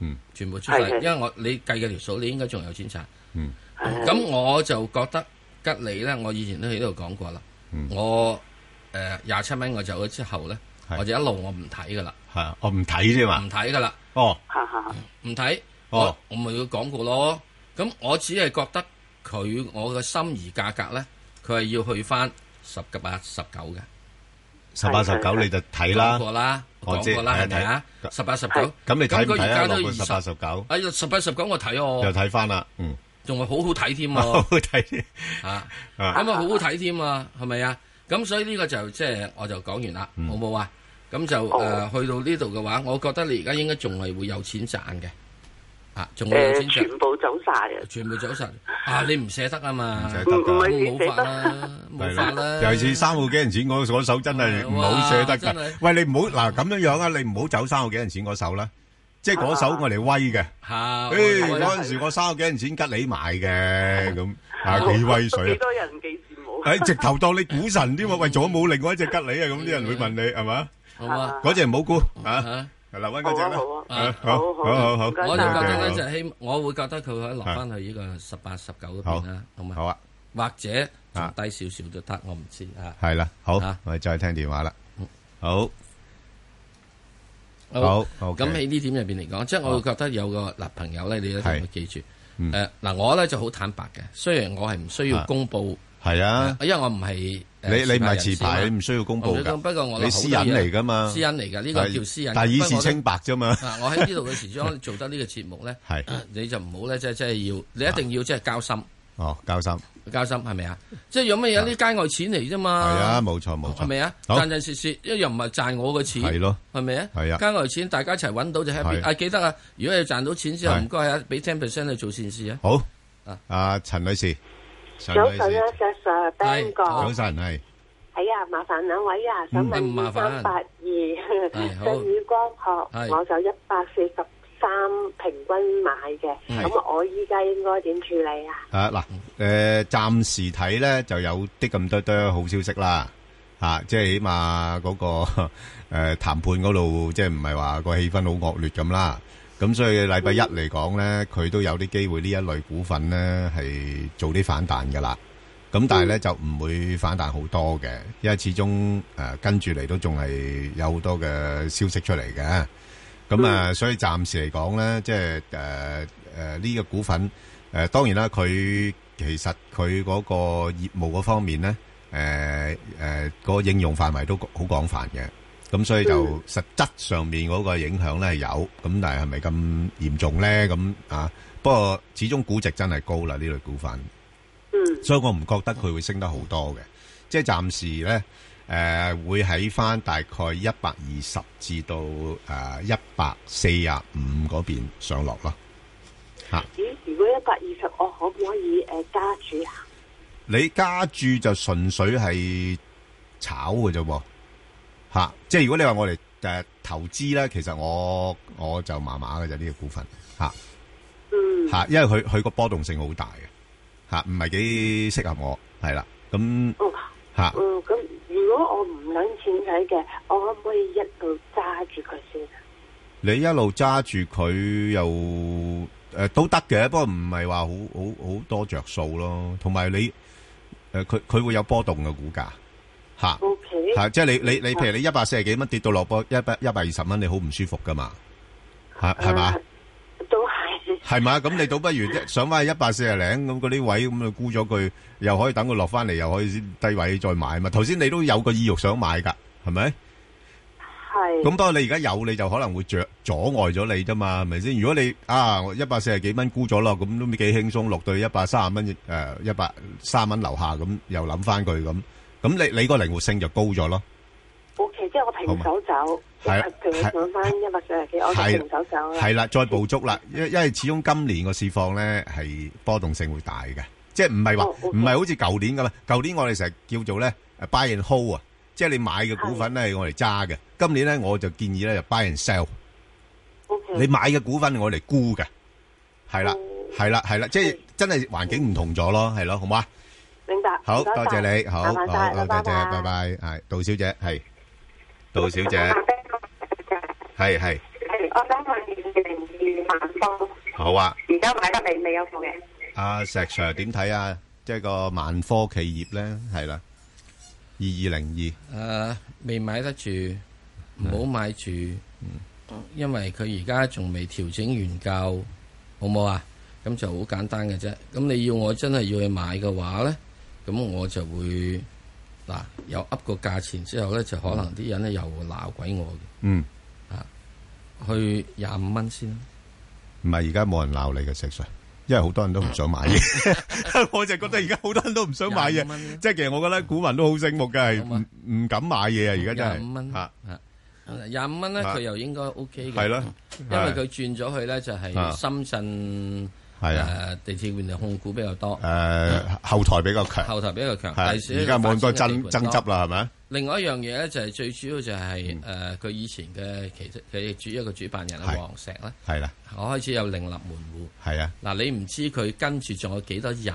嗯，全部出晒，的因為我你計嘅條數，你應該仲有錢賺。嗯，咁我就覺得吉利咧，我以前都喺呢度講過啦。嗯，我誒廿七蚊我走咗之後咧，的我就一路我唔睇噶啦。係啊，我唔睇啫嘛。唔睇噶啦。哦，唔睇看。哦，我咪要講過咯。咁我只係覺得佢我嘅心儀價格咧，佢係要去翻十,十,十八十九嘅。十八十九你就睇啦。十講過啦係咪啊？十八十九，咁你睇唔睇啊？咁二十十九，哎十八十九我睇又睇翻啦，嗯，仲係好好睇添喎，好好睇添，吓，咁啊好好睇添啊，係咪 啊？咁所以呢個就即、是、係、就是、我就講完啦，嗯、好唔好啊？咁就誒去、呃、到呢度嘅話，我覺得你而家應該仲係會有錢賺嘅。誒，全部走晒啊！全部走實啊！你唔捨得啊嘛，唔捨得，冇法啦，冇法啦。尤其是三個幾銀錢嗰手，真係唔好捨得噶。喂，你唔好嗱咁樣樣啊！你唔好走三個幾銀錢嗰手啦，即係嗰手我哋威嘅。吓，誒，嗰陣時我三個幾銀錢吉你買嘅，咁啊幾威水，幾多人幾羨慕。誒，直頭當你股神添喎，喂，仲有冇另外一隻吉你啊？咁啲人會問你係咪？好嘛，嗰隻唔好沽啊！劉溫家姐咧，好好好好好，我就覺得就希，我會覺得佢可以落翻去呢個十八、十九嗰邊啦，好唔好啊？或者低少少都得，我唔知啊。係啦，好啊，我哋再聽電話啦。好，好，好。咁喺呢點入邊嚟講，即係我會覺得有個男朋友咧，你一定要記住。誒，嗱，我咧就好坦白嘅，雖然我係唔需要公布，係啊，因為我唔係。你你唔係持牌，你唔需要公布。不過我私隱嚟噶嘛，私隱嚟噶呢個叫私隱。但以示清白啫嘛。我喺呢度嘅時裝做得呢個節目咧，係你就唔好咧，即即係要你一定要即係交心。哦，交心，交心係咪啊？即係有乜嘢啲街外錢嚟啫嘛？係啊，冇錯冇錯。係咪啊？賺賺蝕蝕，因為又唔係賺我嘅錢，係咯，係咪啊？係啊，街外錢大家一齊揾到就 happy 啊，記得啊！如果你賺到錢之後，唔該啊，俾 ten percent 去做善事啊。好。啊，陳女士。早晨啊石 Sir、Ben 哥早晨，係係啊，哎、麻煩兩位啊，想問三八二正宇光學，是我就一百四十三平均買嘅，咁是我依家應該點處理啊？啊嗱，誒，暫、呃、時睇咧就有啲咁多多好消息啦，吓、啊，即係起碼嗰、那個誒談、呃、判嗰度，即係唔係話個氣氛好惡劣咁啦。咁所以禮拜一嚟講咧，佢都有啲機會呢一類股份咧係做啲反彈㗎喇。咁但係咧就唔會反彈好多嘅，因為始終誒、呃、跟住嚟都仲係有好多嘅消息出嚟嘅。咁啊，所以暫時嚟講咧，即係誒誒呢個股份誒、呃、當然啦，佢其實佢嗰個業務嗰方面咧誒誒個應用範圍都好廣泛嘅。咁所以就實質上面嗰個影響咧係有，咁但係係咪咁嚴重咧？咁啊，不過始終估值真係高啦，呢類股份。嗯。所以我唔覺得佢會升得好多嘅，即係暫時咧，誒、呃，會喺返大概一百二十至到誒一百四十五嗰邊上落咯。吓咦？如果一百二十，我可唔可以誒、呃、加注啊？你加注就純粹係炒嘅啫噃。吓、啊，即係如果你話我哋誒、呃、投資咧，其實我我就麻麻嘅，就呢個股份吓，吓、啊嗯啊，因為佢佢個波動性好大嘅吓，唔係幾適合我係啦，咁吓，咁、嗯啊嗯、如果我唔捻錢使嘅，我可唔可以一路揸住佢先？你一路揸住佢又誒、呃、都得嘅，不過唔係話好好好多着數咯，同埋你誒，佢、呃、佢會有波動嘅股價。吓，吓，即係你，你，你，譬如你一百四十幾蚊跌到落波一百一百二十蚊，你好唔舒服噶嘛？吓，係嘛？都係係嘛？咁你倒不如上翻去一百四十零咁嗰啲位咁，就沽咗佢，又可以等佢落翻嚟，又可以低位再買嘛。頭先你都有個意欲想買噶，係咪？係。咁當然你而家有，你就可能會着阻礙咗你啫嘛？係咪先？如果你啊一百四十幾蚊沽咗咯，咁都唔幾輕鬆，落到一百三十蚊，誒，一百三蚊樓下咁，又諗翻佢咁。咁你你個靈活性就高咗咯。OK，即係我平手走，係啊，平上翻一百四十幾，我平手走啦。係啦，再捕捉啦，因因為始終今年個市況咧係波動性會大嘅，即係唔係話唔係好似舊年咁啦。舊年我哋成日叫做咧 buy and hold 啊，即係你買嘅股份咧係我嚟揸嘅。今年咧我就建議咧就 buy and sell。OK，你買嘅股份我嚟沽嘅，係啦，係啦，係啦，即係真係環境唔同咗咯，係咯，好唔好啊？好多謝你，好，多謝，多謝，拜拜，係杜小姐，係杜小姐，係係，我想問二二零二萬科，好啊，而家買得未未有貨嘅，阿石 Sir 點睇啊？即係個萬科企業咧，係啦，二二零二，誒，未買得住，唔好買住，因為佢而家仲未調整完夠，好唔好啊？咁就好簡單嘅啫，咁你要我真係要去買嘅話咧？咁我就會嗱，又噏個價錢之後咧，就可能啲人咧又鬧鬼我嘅。嗯，啊，去廿五蚊先。唔係，而家冇人鬧你嘅石 Sir，因為好多人都唔想買嘢。我就覺得而家好多人都唔想買嘢，即係其實我覺得股民都好醒目嘅，係唔唔敢買嘢啊！而家真係。廿五蚊。嚇嚇。廿五蚊咧，佢又應該 OK 嘅。係咯，因為佢轉咗去咧，就係深圳。係啊，地鐵原控股比較多，誒後台比較強，後台比較強。係而家冇好多，多爭爭執啦，係咪？另外一樣嘢咧，就係最主要就係、是、誒，佢、嗯呃、以前嘅其實佢嘅主一個主辦人黃是石咧，係啦、啊，我開始有另立門戶，係啊。嗱，你唔知佢跟住仲有幾多人？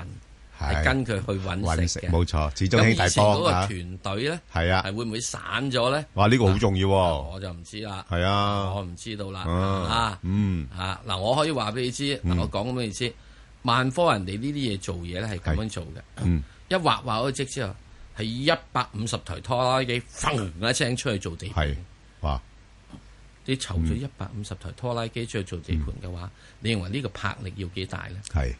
係跟佢去揾食，冇錯，始終兄弟幫啊！以前嗰個團隊咧，係啊，係會唔會散咗咧？哇！呢個好重要，我就唔知啦。係啊，我唔知道啦。啊，嗯啊，嗱，我可以話俾你知，嗱，我講咁多意思。萬科人哋呢啲嘢做嘢咧，係咁樣做嘅。一畫畫咗即之後，係一百五十台拖拉機，嘭一聲出去做地盤。哇，你籌咗一百五十台拖拉機出去做地盤嘅話，你認為呢個魄力要幾大咧？係。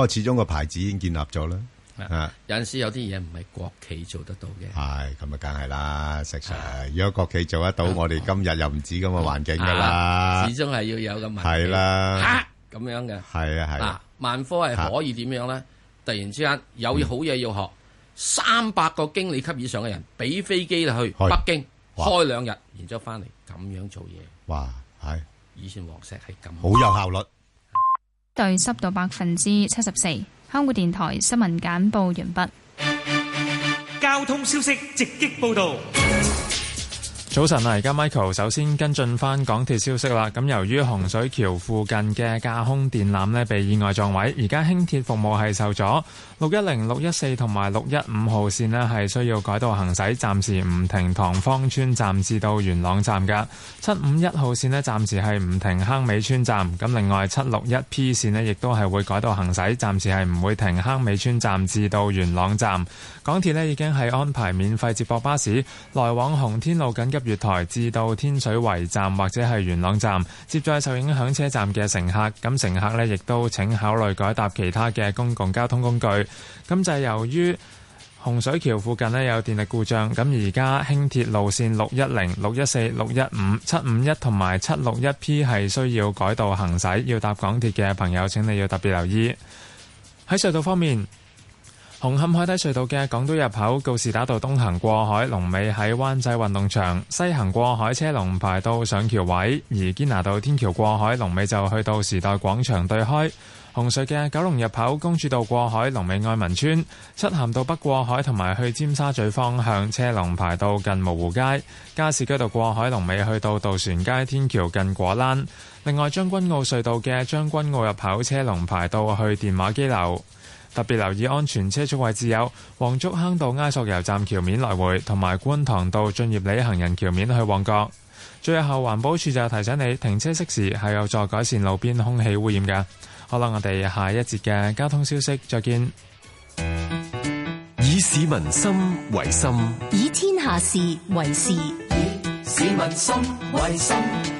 不過始終個牌子已經建立咗啦，啊！有陣時有啲嘢唔係國企做得到嘅，係咁啊，梗係啦，石 Sir，如果國企做得到，我哋今日又唔止咁嘅環境噶啦，始終係要有咁嘅環境，係啦，咁樣嘅，係啊係，萬科係可以點樣咧？突然之間有好嘢要學，三百個經理級以上嘅人俾飛機去北京開兩日，然之後翻嚟咁樣做嘢，哇係！以前王石係咁，好有效率。.對濕度百分之七十四，香港電台新聞簡報完畢。交通消息直擊報道。早晨啊，而家 Michael 首先跟進翻港鐵消息啦。咁由於洪水橋附近嘅架空電纜咧被意外撞毀，而家輕鐵服務係受阻。六一零、六一四同埋六一五號線咧係需要改道行駛，暫時唔停塘坊村站至到元朗站噶，七五一號線咧暫時係唔停坑尾村站。咁另外七六一 P 線咧亦都係會改道行駛，暫時係唔會停坑尾村站至到元朗站。港鐵咧已經係安排免費接駁巴士來往洪天路緊急。月台至到天水圍站或者係元朗站接載受影響車站嘅乘客，咁乘客呢亦都請考慮改搭其他嘅公共交通工具。咁就係由於洪水橋附近呢有電力故障，咁而家輕鐵路線六一零、六一四、六一五、七五一同埋七六一 P 係需要改道行駛，要搭港鐵嘅朋友，請你要特別留意喺隧道方面。紅磡海底隧道嘅港島入口，告士打道東行過海，龍尾喺灣仔運動場，西行過海車龍排到上橋位。而堅拿道天橋過海，龍尾就去到時代廣場對開。紅隧嘅九龍入口，公主道過海，龍尾愛民村，漆咸道北過海同埋去尖沙咀方向，車龍排到近蕪湖街。加士居道過海，龍尾去到渡船街天橋近果欄。另外，將軍澳隧道嘅將軍澳入口，車龍排到去電話機樓。特別留意安全車速位置有黃竹坑道埃索油站橋面來回，同埋觀塘道駿業里行人橋面去旺角。最後，環保署就提醒你，停車熄匙係有助改善路邊空氣污染嘅。好啦，我哋下一節嘅交通消息，再見。以市民心為心。以市民心為心，以天下事為事，以市民心為心。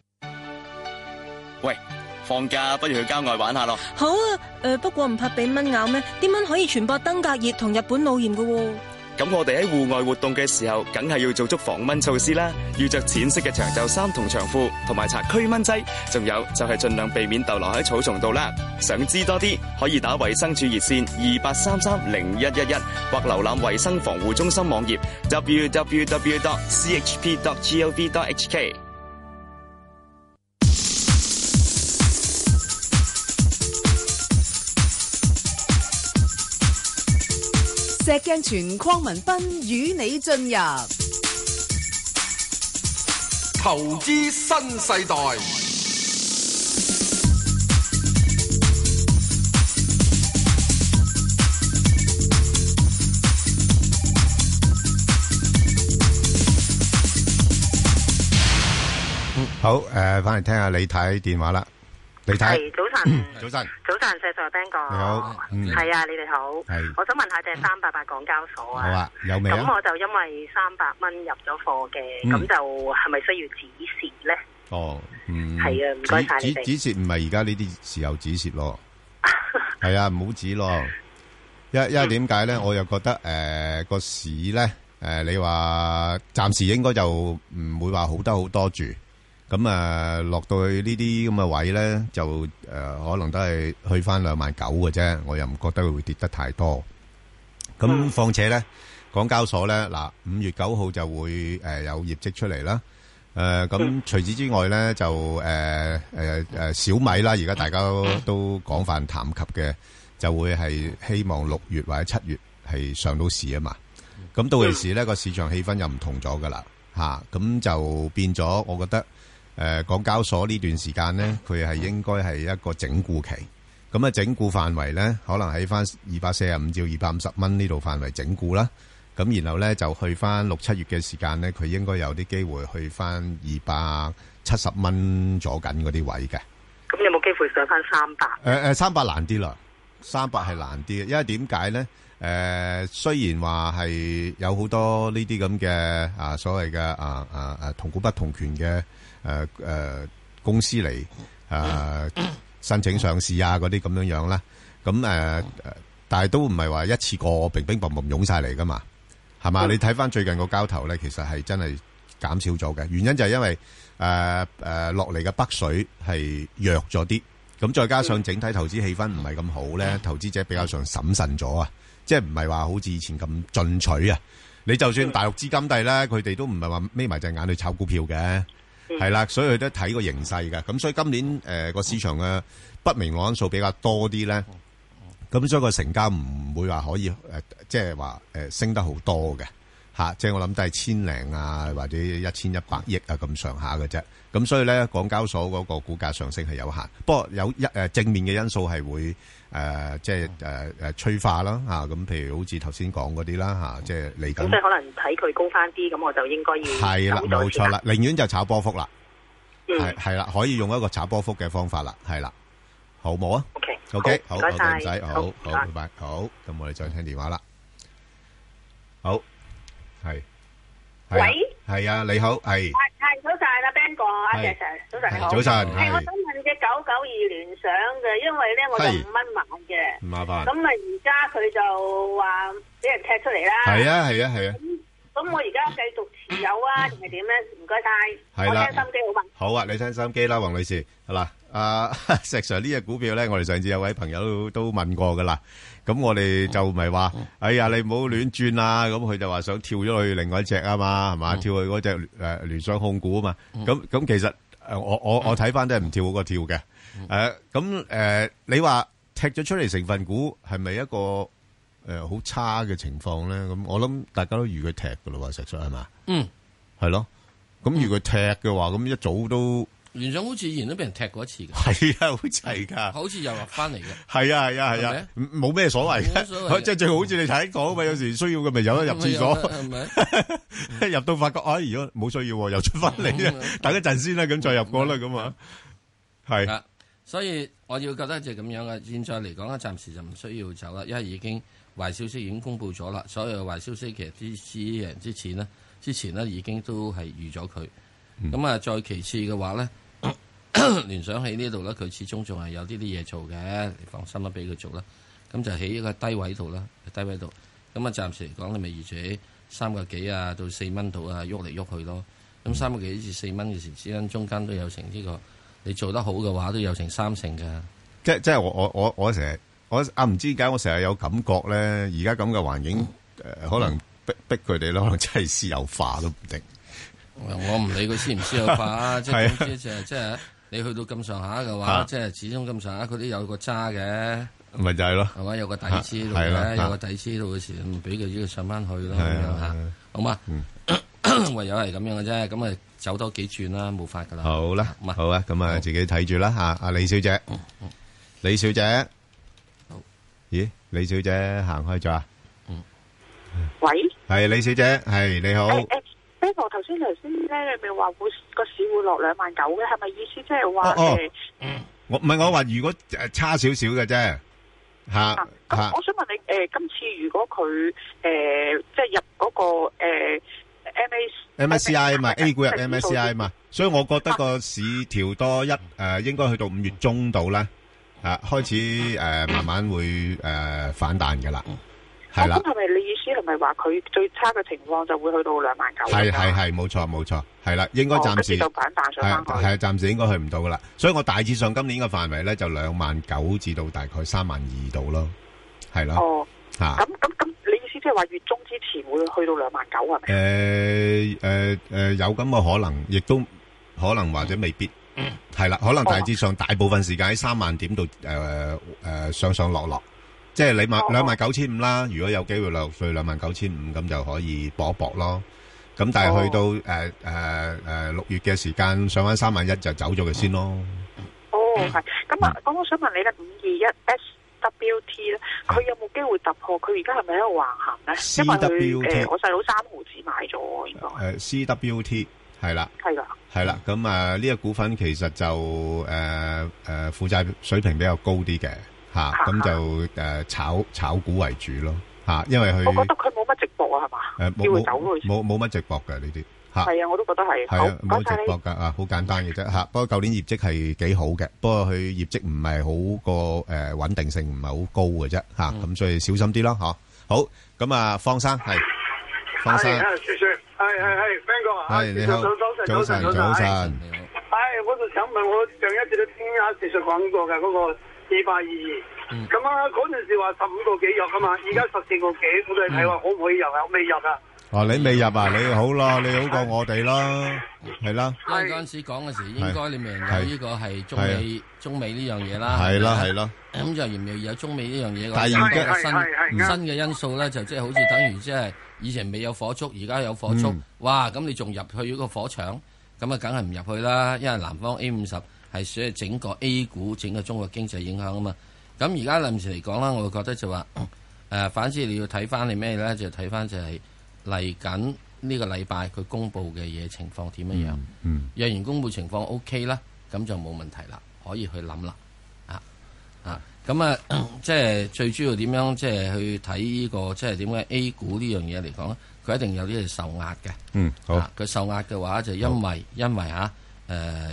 喂，放假不如去郊外玩下咯。好啊！誒、呃，不過唔怕俾蚊咬咩？啲蚊可以傳播登革熱同日本腦炎㗎。咁我哋喺戶外活動嘅時候，梗係要做足防蚊措施啦。要着淺色嘅長袖衫同長褲，同埋擦驅蚊劑。仲有就係、是、盡量避免逗留喺草叢度啦。想知多啲，可以打衛生署熱線二八三三零一一一，或瀏覽衛生防護中心網頁 www.chp.gov.hk。Www. 石鏡泉鄺民彬，與你進入投資新世代。嗯、好，誒、呃，翻嚟聽下李太電話啦。係早晨，早晨，早晨，世上 Ben 哥係啊，你哋好，係、啊，我想問一下隻三百八港交所啊，嗯、好啊，有未？咁我就因為三百蚊入咗貨嘅，咁、嗯、就係咪需要止蝕咧？哦、嗯，係啊，唔該晒，止、止蝕唔係而家呢啲時候止蝕咯，係 啊，唔好止咯。因為因為點解咧？我又覺得誒、呃、個市咧，誒、呃呃、你話暫時應該就唔會話好得好多住。咁啊、呃，落到去呢啲咁嘅位咧，就誒、呃、可能都係去翻兩萬九嘅啫。我又唔覺得佢會跌得太多。咁況且咧，港交所咧嗱，五、呃、月九號就會誒、呃、有業績出嚟啦。誒、呃、咁除此之外咧，就誒誒誒小米啦，而家大家都廣泛談及嘅，就會係希望六月或者七月係上到市啊嘛。咁到其時咧個市場氣氛又唔同咗噶啦，吓、啊，咁就變咗，我覺得。誒，港、呃、交所呢段時間呢，佢係應該係一個整固期，咁、嗯、啊整固範圍呢，可能喺翻二百四十五至二百五十蚊呢度範圍整固啦。咁、嗯、然後呢，就去翻六七月嘅時間呢，佢應該有啲機會去翻二百七十蚊左緊嗰啲位嘅。咁有冇機會上翻三百？誒、呃、誒，三百難啲啦，三百係難啲，因為點解呢？誒，雖然話係有好多呢啲咁嘅啊，所謂嘅啊啊啊同股不同權嘅誒誒公司嚟啊，申請上市啊嗰啲咁樣樣啦，咁誒，但係都唔係話一次過乒乒乓乓湧曬嚟噶嘛，係嘛？你睇翻最近個交投咧，其實係真係減少咗嘅。原因就係因為誒誒落嚟嘅北水係弱咗啲，咁再加上整體投資氣氛唔係咁好咧，投資者比較上審慎咗啊。即係唔係話好似以前咁進取啊？你就算大陸資金大咧，佢哋都唔係話眯埋隻眼去炒股票嘅，啊，係啦，所以佢都睇個形勢嘅。咁所以今年誒個、呃、市場嘅、啊、不明朗因素比較多啲咧，咁所以個成交唔會話可以誒，即係話誒升得好多嘅吓。即、啊、係、就是、我諗都係千零啊，或者一千一百億啊咁上下嘅啫。咁所以咧，港交所嗰個股價上升係有限。不過有一誒、呃、正面嘅因素係會。誒，即係誒誒催化啦吓，咁譬如好似頭先講嗰啲啦吓，即係你咁樣。咁你可能睇佢高翻啲，咁我就應該要。係啦，冇錯啦，寧願就炒波幅啦。嗯。係係啦，可以用一個炒波幅嘅方法啦，係啦。好冇啊？O K，O K，好，唔該晒，好，好，拜拜，好，咁我哋再聽電話啦。好，係。喂。係啊，你好，係。早晨啦，Ben 哥，阿 J J，早晨你好。早晨係，我想問隻九九二聯想嘅，因為咧我五蚊買嘅，唔麻煩。咁啊，而家佢就話俾人踢出嚟啦。係啊，係啊，係啊。咁，咁我而家繼續持有啊，定係點咧？唔該晒，我聽收音機好唔好？好啊，你聽收音機啦，黃女士，好啦。啊，石 Sir 呢隻股票咧，我哋上次有位朋友都問過噶啦。咁我哋就咪話，哎呀，你唔好亂轉啊。咁佢就話想跳咗去另外一隻啊嘛，係嘛，跳去嗰隻誒聯想控股啊嘛。咁咁其實誒，我我我睇翻都係唔跳好過跳嘅。誒，咁誒，你話踢咗出嚟成分股係咪一個誒好差嘅情況咧？咁我諗大家都預佢踢噶啦，喎，石 Sir 係嘛？嗯，係咯。咁預佢踢嘅話，咁一早都。聯想好似以前都俾人踢過一次噶，係啊，好齊噶，好似又話翻嚟嘅，係啊，係啊，係啊，冇咩所謂，所謂即係最好，似你睇過咁啊，有時需要嘅咪有得入廁所，是是 入到發覺啊，如果冇需要又出翻嚟啊，是是等一陣先啦，咁再入過啦，咁啊，係是，所以我要覺得就咁樣嘅，現在嚟講咧，暫時就唔需要走啦，因為已經壞消息已經公布咗啦，所有壞消息其實之之前之前咧，之前呢，已經都係預咗佢。咁啊，嗯、再其次嘅話咧，聯、嗯、 想起呢度咧，佢始終仲係有呢啲嘢做嘅，你放心啦，俾佢做啦。咁就喺呢個低位度啦，低位度。咁啊，暫時嚟講，你咪預住喺三個幾啊到四蚊度啊，喐嚟喐去咯。咁三個幾至四蚊嘅時之間，中間都有成呢、這個，你做得好嘅話，都有成三成㗎。即即係我我我我成日我啊唔知點解我成日有感覺咧，而家咁嘅環境誒、呃，可能逼逼佢哋咯，可能真係私有化都唔定。我唔理佢知唔知有法，即係即係即係你去到咁上下嘅話，即係始終咁上下，佢都有個揸嘅，咪就係咯，係嘛，有個底知到嘅，有個底知到嘅時，咪俾佢要佢上翻去咯，咁樣吓，好嘛？唯有係咁樣嘅啫，咁咪走多幾轉啦，冇法噶啦。好啦，唔好啊，咁啊，自己睇住啦吓。阿李小姐，李小姐，好，咦，李小姐行開咗啊？嗯，喂，係李小姐，係你好。啲頭先咧，你咪話會個市會落兩萬九嘅，係咪意思即係話誒？我唔係我話如果誒差少少嘅啫，吓咁。我想問你誒，今次如果佢誒即係入嗰個誒 M S M S C I 嘛？A 股入 M S C I 嘛？所以我覺得個市調多一誒，應該去到五月中度啦，啊開始誒慢慢會誒反彈噶啦。係啦，咁係咪你意思係咪話佢最差嘅情況就會去到兩萬九？係係係，冇錯冇錯，係啦，應該暫時。哦，嗰啲就反彈上翻去。係啊，暫時應該去唔到噶啦。所以我大致上今年嘅範圍咧，就兩萬九至到大概三萬二度咯，係啦。哦，吓，咁咁咁，你意思即係話月中之前會去到兩萬九係咪？誒誒誒，有咁嘅可能，亦都可能或者未必。嗯，係啦，可能大致上大部分時間喺三萬點度誒誒上上落落。即係你買兩萬九千五啦，如果有機會落稅兩萬九千五，咁就可以搏一搏咯。咁但係去到誒誒誒六月嘅時間，上翻三萬一就走咗佢先咯。哦，係。咁啊，咁我想問你咧，五二一 SWT 咧，佢有冇機會突破？佢而家係咪喺度橫行咧？因為佢誒，我細佬三毫紙買咗，應該。誒，CWT 係啦。係啦。係啦。咁啊，呢個股份其實就誒誒負債水平比較高啲嘅。吓，咁就誒炒炒股為主咯，吓，因為佢我覺得佢冇乜直播啊，係嘛？誒，冇冇冇乜直播嘅，呢啲，係啊，我都覺得係，係啊，冇直播噶啊，好簡單嘅啫，吓，不過舊年業績係幾好嘅，不過佢業績唔係好個誒穩定性唔係好高嘅啫，吓，咁所以小心啲咯，吓，好，咁啊，方生，係，係啊，雪雪，係係係，Ben 哥，你好，早晨早晨早晨早晨，係，我就想問我上一次都聽阿雪雪講過嘅嗰個。四百二，咁啊嗰陣時話十五個幾入噶嘛，而家十四個幾，我哋睇下可唔可以入啊？未入啊？哦，你未入啊？你好啦，你好過我哋啦，係啦。嗱，嗰陣時講嘅時，應該你未有呢個係中美中美呢樣嘢啦，係啦係啦。咁就意味有中美呢樣嘢。但係而家新新嘅因素咧，就即係好似等於即係以前未有火燭，而家有火燭。哇！咁你仲入去個火場，咁啊梗係唔入去啦，因為南方 A 五十。係所以整個 A 股整個中國經濟影響啊嘛，咁而家臨時嚟講啦，我覺得就話誒、呃，反之你要睇翻你咩咧，就睇翻就係嚟緊呢個禮拜佢公布嘅嘢情、情況點樣樣。嗯，若然公布情況 OK 啦，咁就冇問題啦，可以去諗啦。啊啊，咁啊，即、嗯、係、即係、最主要點樣即係、即係、去睇呢、呢個即係點解 A 股呢樣嘢嚟講咧？佢一定有啲嘢受壓嘅。嗯，好。佢受壓嘅話就因為好因為嚇、啊。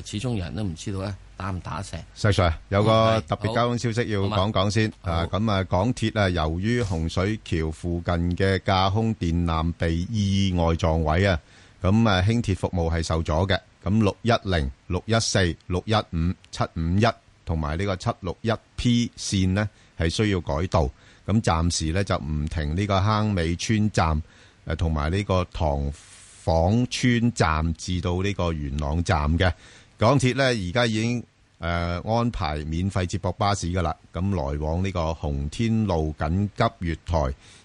誒，始終人都唔知道咧，打唔打成？Sir，有個特別交通消息要講講先。啊，咁啊，港鐵啊，由於洪水橋附近嘅架空電纜被意外撞毀啊，咁啊，輕鐵服務係受阻嘅。咁六一零、六一四、六一五、七五一同埋呢個七六一 P 線咧，係需要改道。咁暫時咧就唔停呢個坑尾村站誒，同埋呢個唐港村站至到呢個元朗站嘅港鐵呢，而家已經誒安排免費接駁巴士噶啦，咁來往呢個洪天路緊急月台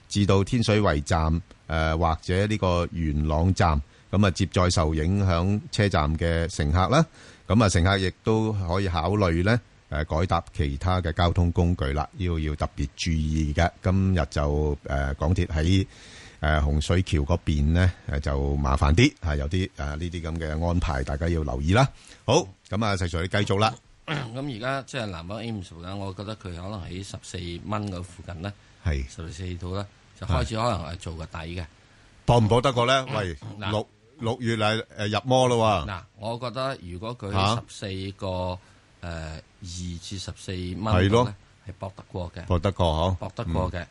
至到天水圍站誒或者呢個元朗站，咁啊接載受影響車站嘅乘客啦，咁啊乘客亦都可以考慮呢，誒改搭其他嘅交通工具啦，呢個要特別注意嘅。今日就誒港鐵喺。誒、呃、洪水橋嗰邊咧誒、呃、就麻煩啲嚇、啊，有啲誒呢啲咁嘅安排，大家要留意啦。好，咁啊，細財你繼續啦。咁而家即係南方 A 50啦，我覺得佢可能喺十四蚊嗰附近咧，係十四度啦，就開始可能係做個底嘅，博唔博得過咧？喂、啊，六六月嚟誒入魔咯喎。嗱，我覺得如果佢喺十四個誒二、啊呃、至十四蚊咧，係博咯得過嘅，博、嗯、得過嗬，博得過嘅。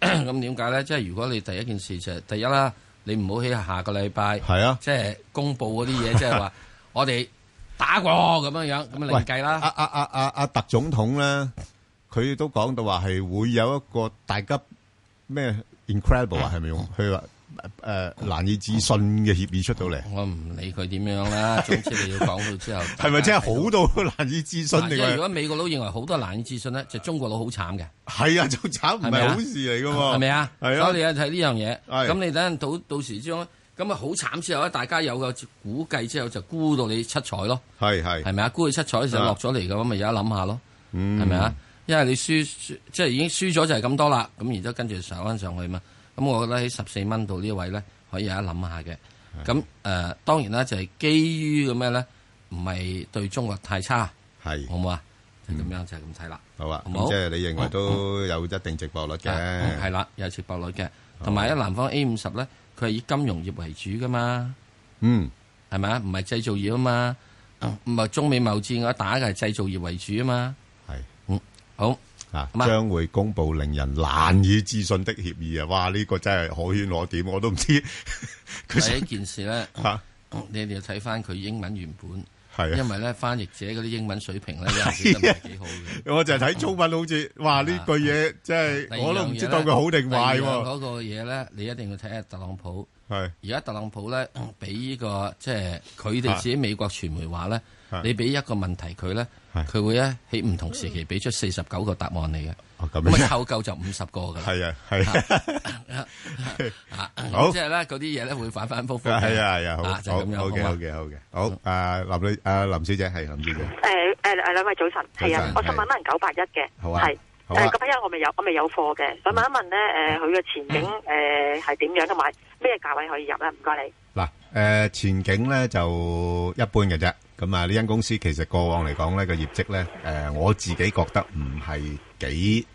咁點解咧？即係如果你第一件事就係、第一啦，你唔好喺下個禮拜，即係、啊、公布嗰啲嘢，即係話我哋打過咁樣樣，咁啊另計啦。阿阿阿阿阿特總統咧，佢都講到話係會有一個大急，咩 incredible 啊，係咪喎？去。誒，難以置信嘅協議出到嚟，我唔理佢點樣啦，總之你要講到之後係咪 真係好到難以置信？嘅？如果美國佬認為好多難以置信咧、啊，就中國佬好慘嘅。係啊，就慘，唔係好事嚟噶嘛？係咪是啊？是啊、所以你睇呢樣嘢。咁你等到到時之後，咁啊好慘之後咧，大家有個估計之後就估到你七彩咯。係係咪啊？估佢七彩時候就落咗嚟嘅，咁，咪而家諗下咯。係咪啊？因為你輸輸即係已經輸咗就係咁多啦。咁然之後跟住上翻上去嘛。咁我覺得喺十四蚊度位呢位咧，可以有一諗下嘅。咁誒的、呃，當然啦，就係、是、基於嘅咩咧，唔係對中國太差，的好唔好啊？就咁樣就係咁睇啦。好啊，即係你認為都有一定折讓率嘅，係啦、嗯，有折讓率嘅。同埋咧，南方 A 五十咧，佢係以金融業為主噶嘛，嗯，係咪啊？唔係製造業啊嘛，唔係、嗯嗯、中美貿戰我打嘅係製造業為主啊嘛，係的，嗯，好。啊，將會公布令人難以置信的協議啊！哇，呢、這個真係可圈可點，我都唔知。第一件事咧，嚇、啊，你哋要睇翻佢英文原本，係、啊，因為咧翻譯者嗰啲英文水平咧有陣時唔係幾好嘅。啊、我就睇中文好似，哇！啊、句話呢句嘢即係，我都唔知道佢好定壞喎。嗰個嘢咧，你一定要睇下特朗普。而家特朗普咧，俾呢個即係佢哋自己美國傳媒話咧，你俾一個問題佢咧，佢會咧喺唔同時期俾出四十九個答案你嘅，咁湊夠就五十個嘅。係啊，係。好，即係咧嗰啲嘢咧會反反覆覆。係啊係啊，好，就咁樣。好嘅好嘅好嘅。好，阿林女，阿林小姐係林小姐。誒誒誒，兩位早晨。早晨。我十萬蚊九百一嘅。好啊。係。好啊。誒，今日我咪有我咪有貨嘅，想問一問咧，誒佢嘅前景誒係點樣同埋？咩價位可以入咧？唔該你。嗱，誒前景咧就一般嘅啫。咁啊，呢間公司其實過往嚟講咧嘅業績咧，誒我自己覺得唔係幾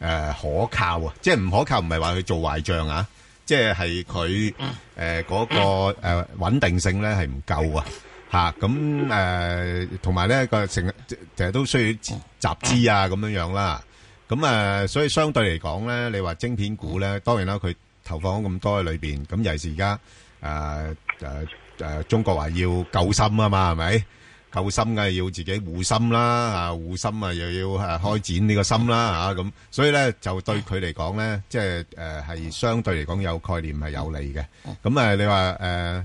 誒可靠啊。即係唔可靠，唔係話佢做壞帳啊，即係係佢誒嗰個誒穩定性咧係唔夠啊。嚇，咁誒同埋咧個成成日都需要集資啊，咁樣樣啦。咁啊，所以相對嚟講咧，你話晶片股咧，當然啦佢。投放咁多喺裏邊，咁尤其是而家誒誒誒，中國話要救心啊嘛，係咪？救心梗係要自己護心啦，啊護心啊又要誒開展呢個心啦嚇，咁，所以咧就對佢嚟講咧，即係誒係相對嚟講有概念係有利嘅。咁誒你話誒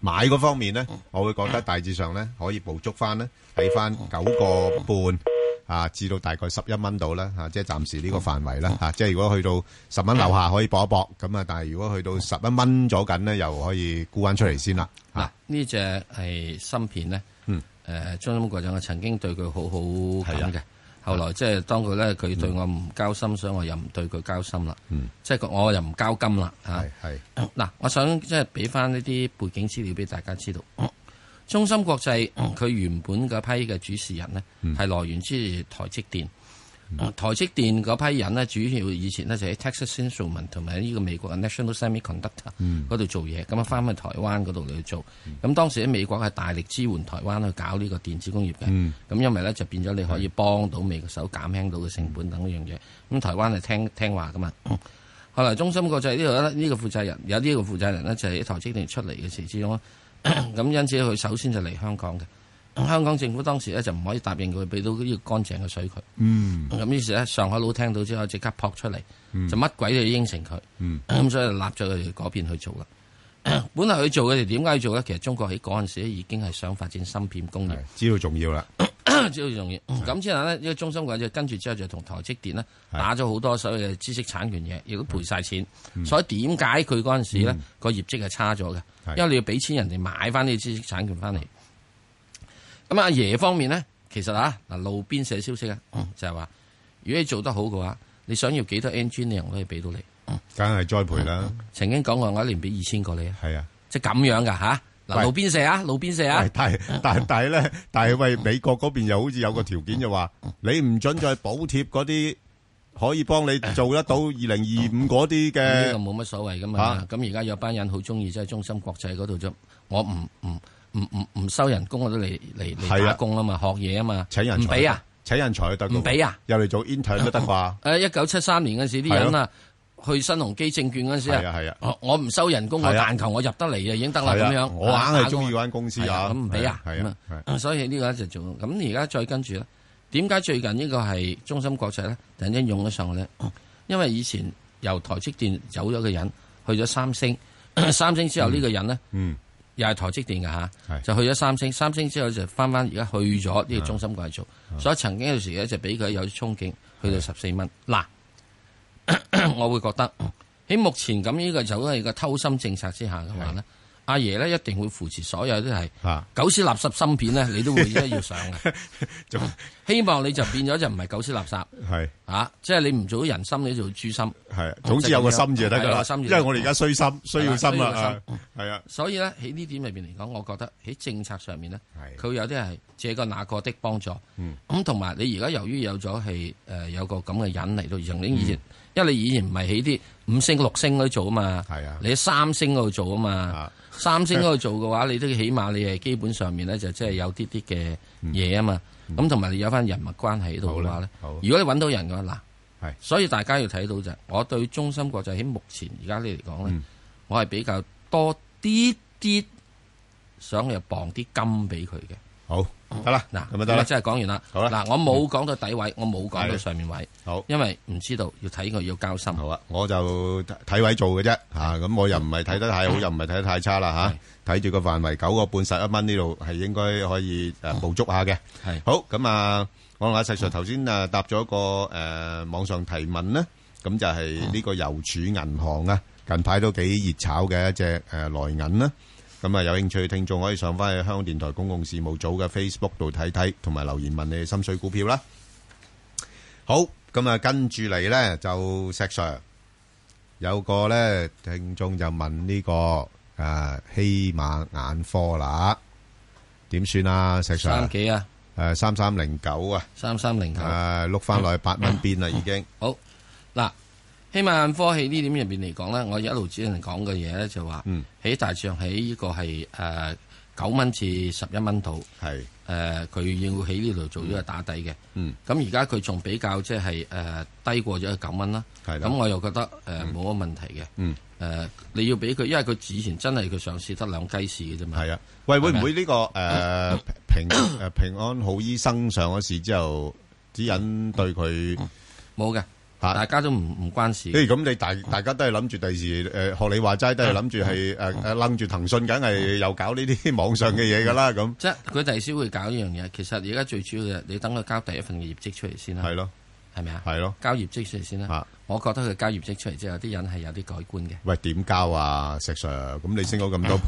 買嗰方面咧，我會覺得大致上咧可以捕捉翻咧，睇翻九個半。啊，至到大概十一蚊度啦，嚇，即係暫時呢個範圍啦，嚇，即係如果去到十蚊樓下可以搏一搏，咁啊，但係如果去到十一蚊左近呢，又可以沽翻出嚟先啦。嗱，呢隻係芯片咧，嗯，誒，張生國長，我曾經對佢好好咁嘅，後來即係當佢咧，佢對我唔交心，所以我又唔對佢交心啦，嗯，即係我又唔交金啦，嚇，係，嗱，我想即係俾翻呢啲背景資料俾大家知道。中芯國際佢原本嗰批嘅主持人呢，係、嗯、來源之於台積電。嗯、台積電嗰批人呢，主要以前呢，就喺、是、Texas Instruments 同埋呢個美國 National Semiconductor 嗰度做嘢，咁啊翻去台灣嗰度去做。咁、嗯、當時喺美國係大力支援台灣去搞呢個電子工業嘅。咁、嗯、因為呢，就變咗你可以幫到美國手，減輕到嘅成本等一樣嘢。咁、嗯、台灣係聽聽話噶嘛。後來、嗯、中芯國際呢、呢個呢、呢個負，負責人，有呢個負，負，負責人呢，就係喺台積電出嚟嘅時之中。咁因此佢首先就嚟香港嘅，香港政府當時咧就唔可以答應佢俾到呢個乾淨嘅水渠。嗯，咁於是咧上海佬聽到之後即刻撲出嚟，嗯、就乜鬼都要應承佢。嗯，咁所以就立咗佢哋嗰邊去做啦。嗯、本來去做佢哋點解做咧？其實中國喺嗰陣時已經係想發展芯片工業，知道重要啦， 知道重要。咁是之後呢，呢個中芯國際跟住之後就同台積電呢，打咗好多所謂嘅知識產權嘢，亦都賠晒錢。嗯、所以點解佢嗰陣時咧個業績係差咗嘅？因為你要俾錢人哋買翻啲知識產權翻嚟，咁啊阿爺方面咧，其實啊嗱，路邊社消息啊，嗯、就係話如果你做得好嘅話，你想要幾多 engineer 我都可以俾到你，梗係栽培啦、嗯嗯。曾經講過我一年俾二千個你啊，係啊，即係咁樣噶吓。嗱路邊社啊路邊社啊，但係但係但係咧，但係喂美國嗰邊又好似有個條件就話你唔准再補貼嗰啲。可以幫你做得到二零二五嗰啲嘅，呢個冇乜所謂噶嘛。咁而家有班人好中意即係中心國際嗰度做，我唔唔唔唔唔收人工，我都嚟嚟打工啊嘛，學嘢啊嘛，請人才唔俾啊，請人才都得，唔俾啊，又嚟做 intern 都得啩？誒，一九七三年嗰時啲人啊，去新鴻基證券嗰時啊，係啊係啊，我唔收人工，我但求我入得嚟就已經得啦咁樣。我硬係中意嗰間公司啊，咁唔俾啊，咁啊，所以呢個就做。咁而家再跟住咧。點解最近呢個係中心國際咧，突然間用咗上嘅咧？因為以前由台積電走咗個人去咗三星， 三星之後呢個人咧，嗯， 又係台積電嘅吓， 就去咗三星，三星之後就翻翻而家去咗呢個中心國際做， 所以曾經有時咧就俾佢有啲憧憬去，去到十四蚊。嗱， 我會覺得喺目前咁呢個走咗係個偷心政策之下嘅話咧。 阿爺咧，一定會扶持所有都係，狗屎垃圾芯片咧，你都會一要上嘅。希望你就變咗就唔係狗屎垃圾。係啊，即係你唔做人心，你做豬心。係，總之有個心就得噶啦。因為我哋而家需心，需要心啊。係啊。所以咧，喺呢點方面嚟講，我覺得喺政策上面咧，佢有啲係借個那個的幫助。咁同埋你而家由於有咗係誒有個咁嘅引嚟到，曾經以前，因為你以前唔係喺啲五星六星嗰度做啊嘛。係啊。你喺三星嗰度做啊嘛。三星嗰度做嘅話，你都起碼你係基本上面咧，就即係有啲啲嘅嘢啊嘛。咁同埋你有翻人物關係喺度嘅話咧，如果你揾到人嘅話嗱，是所以大家要睇到就，我對中芯國際喺目前而家呢嚟講咧，嗯、我係比較多啲啲想又磅啲金俾佢嘅。好。得啦，嗱咁咪得啦。即係講完啦，好啦，嗱我冇講到底位，我冇講到上面位，好，因為唔知道，要睇佢要交心。好啊，我就睇位做嘅啫，吓咁我又唔係睇得太好，又唔係睇得太差啦，吓睇住個範圍九個半十一蚊呢度係應該可以誒捕捉下嘅。係好咁啊，我同阿細 Sir 頭先啊答咗一個誒網上提問咧，咁就係呢個郵儲銀行啊，近排都幾熱炒嘅一隻誒來銀啦。咁啊，有興趣嘅聽眾可以上翻去香港電台公共事務組嘅 Facebook 度睇睇，同埋留言問你心水股票啦。好，咁啊，跟住嚟呢就石 Sir，有個呢聽眾就問呢個啊希瑪眼科啦，點算啊？石 Sir 三幾啊？誒，三三零九啊。三三零九啊。碌翻落去八蚊變啦，已經好嗱。起碼科技呢點入邊嚟講咧，我一路之前講嘅嘢咧就話、是，喺、嗯、大上喺呢個係誒九蚊至十是、呃、一蚊度，係誒佢要喺呢度做呢個打底嘅。咁而家佢仲比較即係誒低過咗九蚊啦。咁的我又覺得誒冇乜問題嘅。誒、嗯呃、你要俾佢，因為佢之前真係佢上市得兩雞市嘅啫嘛。係啊，喂會唔會呢、這個誒、呃、平誒 平安好醫生上咗市之後，指引對佢冇嘅。 大家都唔唔關事。譬如咁，你大大家都係諗住第時，誒學你話齋，都係諗住係誒誒掹住騰訊，梗係又搞呢啲網上嘅嘢噶啦咁。即係佢第時會搞呢樣嘢，其實而家最主要嘅，你等佢交第一份嘅業績出嚟先啦。係咯，係咪啊？係咯，交業績出嚟先啦。我覺得佢交業績出嚟之後，啲人係有啲改觀嘅。喂，點交啊，石 Sir？咁你升咗咁多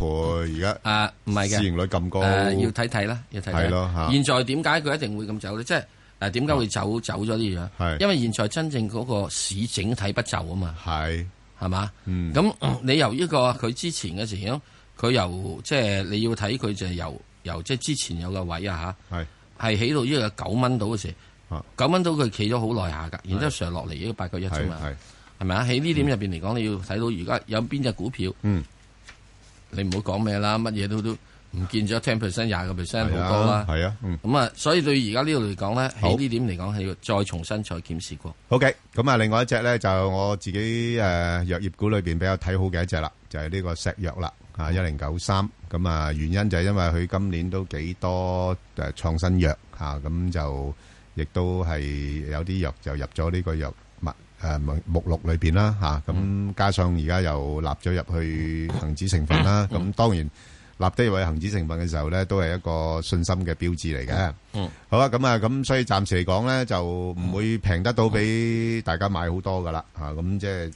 倍，而家唔係嘅，市盈率咁高，要睇睇啦，要睇睇。係咯，吓。現在點解佢一定會咁走呢？即係。嗱，點解會走走咗啲樣？係，因為現在真正嗰個市整體不就啊嘛，係，係嘛？咁你由呢個佢之前嘅情況，佢由即係你要睇佢就係由由即係之前有個位啊嚇，係，係起到呢個九蚊到嘅時，九蚊到佢企咗好耐下噶，然之後上落嚟呢個八個一咋嘛，係咪啊？喺呢點入邊嚟講，你要睇到而家有邊隻股票，嗯，你唔好講咩啦，乜嘢都都。唔見咗 ten percent 廿個 percent 好多啦，係啊，咁啊、嗯嗯，所以對而家呢度嚟講咧，喺呢點嚟講，係好要再重新再檢視過。OK，咁啊，另外一隻咧就我自己誒、呃、藥業股裏邊比較睇好嘅一隻啦，就係、是、呢個石藥啦，嚇一零九三，咁啊，原因就係因為佢今年都幾多誒創新藥嚇，咁、啊、就亦都係有啲藥就入咗呢個藥物誒、呃、目目錄裏邊啦嚇，咁、啊、加上而家又納咗入去恒指成分啦，咁、嗯、當然。立低位恆指成分嘅時候咧，都係一個信心嘅標誌嚟嘅。嗯，好啦，咁啊，咁所以暫時嚟講咧，就唔會平得到俾大家買好多噶啦嚇。咁即係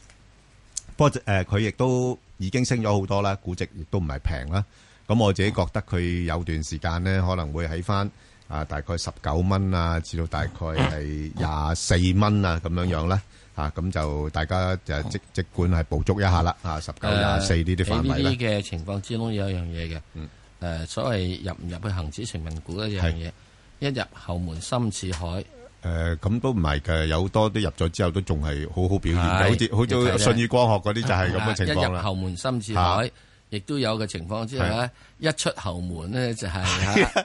不過誒，佢、呃、亦都已經升咗好多啦，估值亦都唔係平啦。咁我自己覺得佢有段時間咧，可能會喺翻啊，大概十九蚊啊，至到大概係廿四蚊啊，咁樣樣啦。啊，咁就大家就即即管係捕捉一下啦。啊，十九廿四呢啲範圍咧。喺呢啲嘅情況之中，有一樣嘢嘅。嗯。誒，所謂入唔入去恒指成份股一樣嘢，一入後門深似海。誒，咁都唔係嘅，有好多啲入咗之後都仲係好好表現，好似好似舜宇光學嗰啲就係咁嘅情況啦。一入後門深似海，亦都有嘅情況之下。一出後門咧就係。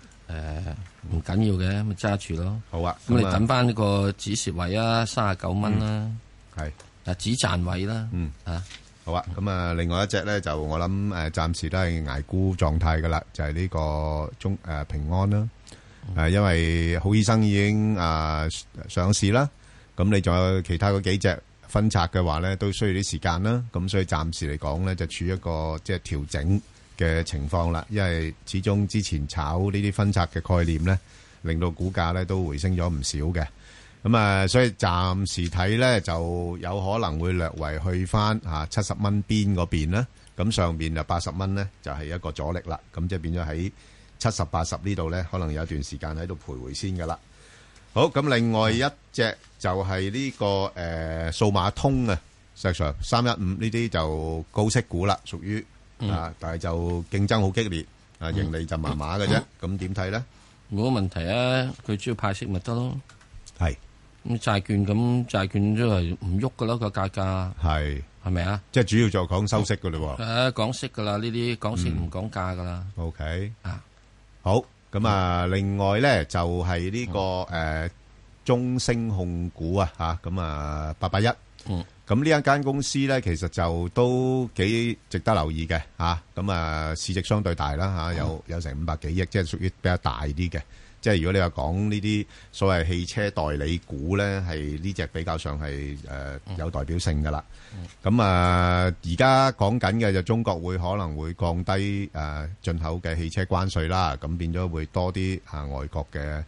誒，唔緊要嘅，咪揸住咯。好啊，咁你等翻呢個止蝕位啊，卅啊九蚊啦。係，嗱止賺位啦。嗯啊，好啊。咁啊，另外一隻咧就我諗誒，暫時都係挨沽狀態噶啦，就係呢個中誒平安啦。誒，因為好醫生已經啊上市啦，咁你仲有其他嗰幾隻分拆嘅話咧，都需要啲時間啦。咁所以暫時嚟講咧，就處於一個即係調整。嘅情況啦，因為始終之前炒呢啲分拆嘅概念呢，令到股價呢都回升咗唔少嘅。咁啊，所以暫時睇呢，就有可能會略為去翻嚇七十蚊邊嗰邊啦。咁上邊就八十蚊呢，就係一個阻力啦。咁即係變咗喺七十八十呢度呢，可能有段時間喺度徘徊先噶啦。好，咁另外一隻就係呢、這個誒、呃、數碼通啊，石 s i 三一五呢啲就高息股啦，屬於。啊！但係就競爭好激烈，啊盈利就麻麻嘅啫。咁點睇咧？冇乜問題啊！佢主要派息咪得咯。係咁債券咁債券都係唔喐噶咯個價格。係係咪啊？即係主要就講收息噶嘞喎。誒講息噶啦，呢啲講息唔講價噶啦。OK 啊，好咁啊，另外咧就係呢個誒中升控股啊，嚇咁啊八八一。嗯。咁呢一間公司咧，其實就都幾值得留意嘅嚇。咁啊，市值相對大啦嚇，有有成五百幾億，即係屬於比較大啲嘅。即係如果你話講呢啲所謂汽車代理股咧，係呢隻比較上係誒有代表性噶啦。咁啊，而家講緊嘅就中國會可能會降低誒進口嘅汽車關稅啦，咁變咗會多啲嚇外國嘅。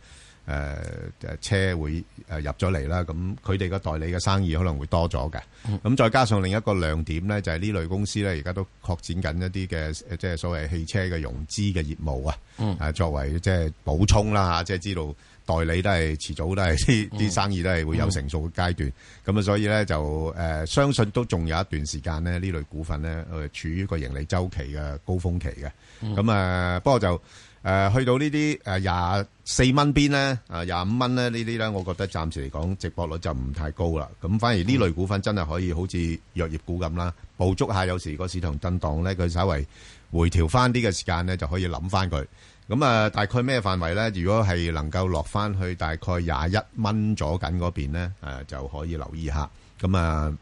誒誒車會誒入咗嚟啦，咁佢哋嘅代理嘅生意可能會多咗嘅。咁、嗯、再加上另一個亮點咧，就係、是、呢類公司咧，而家都在擴展緊一啲嘅，即係所謂汽車嘅融資嘅業務啊。啊、嗯、作為即係補充啦吓，即係知道代理都係遲早都係啲啲生意都係會有成熟嘅階段。咁啊、嗯，嗯、所以咧就誒相信都仲有一段時間咧，呢類股份咧，處於個盈利周期嘅高峰期嘅。咁啊、嗯，不過就。誒、呃，去到、呃、呢啲誒廿四蚊邊咧，誒廿五蚊咧呢啲咧，我覺得暫時嚟講，直播率就唔太高啦。咁反而呢類股份真係可以好似藥業股咁啦，捕捉下。有時個市場震盪咧，佢稍微回調翻啲嘅時間咧，就可以諗翻佢。咁、嗯、啊、呃，大概咩範圍咧？如果係能夠落翻去大概廿一蚊左緊嗰邊咧，誒、呃、就可以留意下。咁、嗯、啊，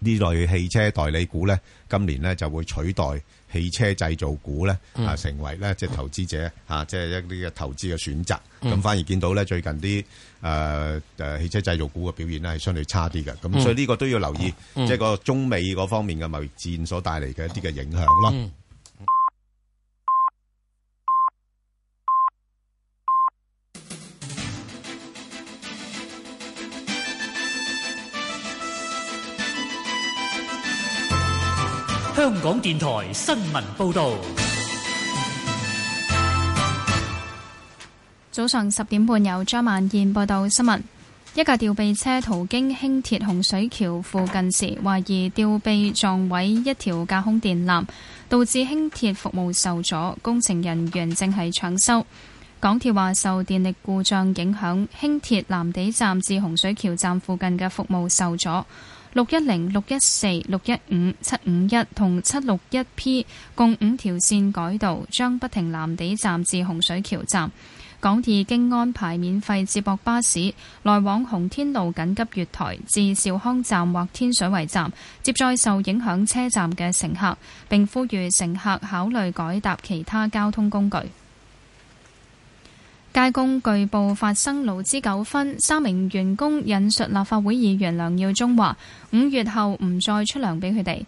呢、呃、類汽車代理股咧，今年咧就會取代。汽車製造股咧啊，成為咧即係投資者啊，即係一啲嘅投資嘅選擇。咁、嗯、反而見到咧最近啲，誒誒汽車製造股嘅表現咧係相對差啲嘅。咁、嗯、所以呢個都要留意，即係個中美嗰方面嘅貿易戰所帶嚟嘅一啲嘅影響咯。嗯嗯香港電台新聞報道：早上十點半，有張萬燕報道新聞。一架吊臂車途經輕鐵洪水橋附近時，懷疑吊臂撞毀一條架空電纜，導致輕鐵服務受阻。工程人員正係搶修。港鐵話受電力故障影響，輕鐵南地站至洪水橋站附近嘅服務受阻。六一零、六一四、六一五、七五一同七六一 P 共五條綫改道，將不停藍地站至洪水橋站。港鐵經安排免費接駁巴士來往洪天路緊急月台至兆康站或天水圍站，接載受影響車站嘅乘客，並呼籲乘客考慮改搭其他交通工具。街工據報發生勞資糾紛，三名員工引述立法會議員梁耀忠話：五月後唔再出糧俾佢哋。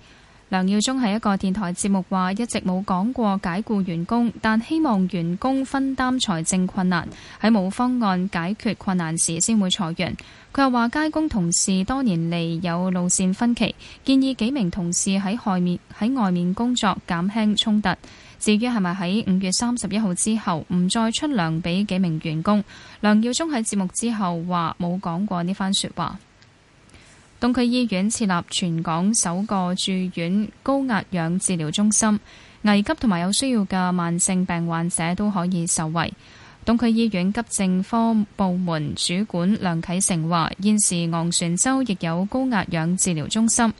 梁耀忠喺一個電台節目話一直冇講過解雇員工，但希望員工分擔財政困難，喺冇方案解決困難時先會裁員。佢又話街工同事多年嚟有路線分歧，建議幾名同事喺外面喺外面工作減輕衝突。至於係咪喺五月三十一號之後唔再出糧俾幾名員工？梁耀忠喺節目之後話冇講過呢番説話。東區醫院設立全港首個住院高壓氧治療中心，危急同埋有需要嘅慢性病患者都可以受惠。東區醫院急症科部門主管梁啟成話：現時昂船洲亦有高壓氧治療中心。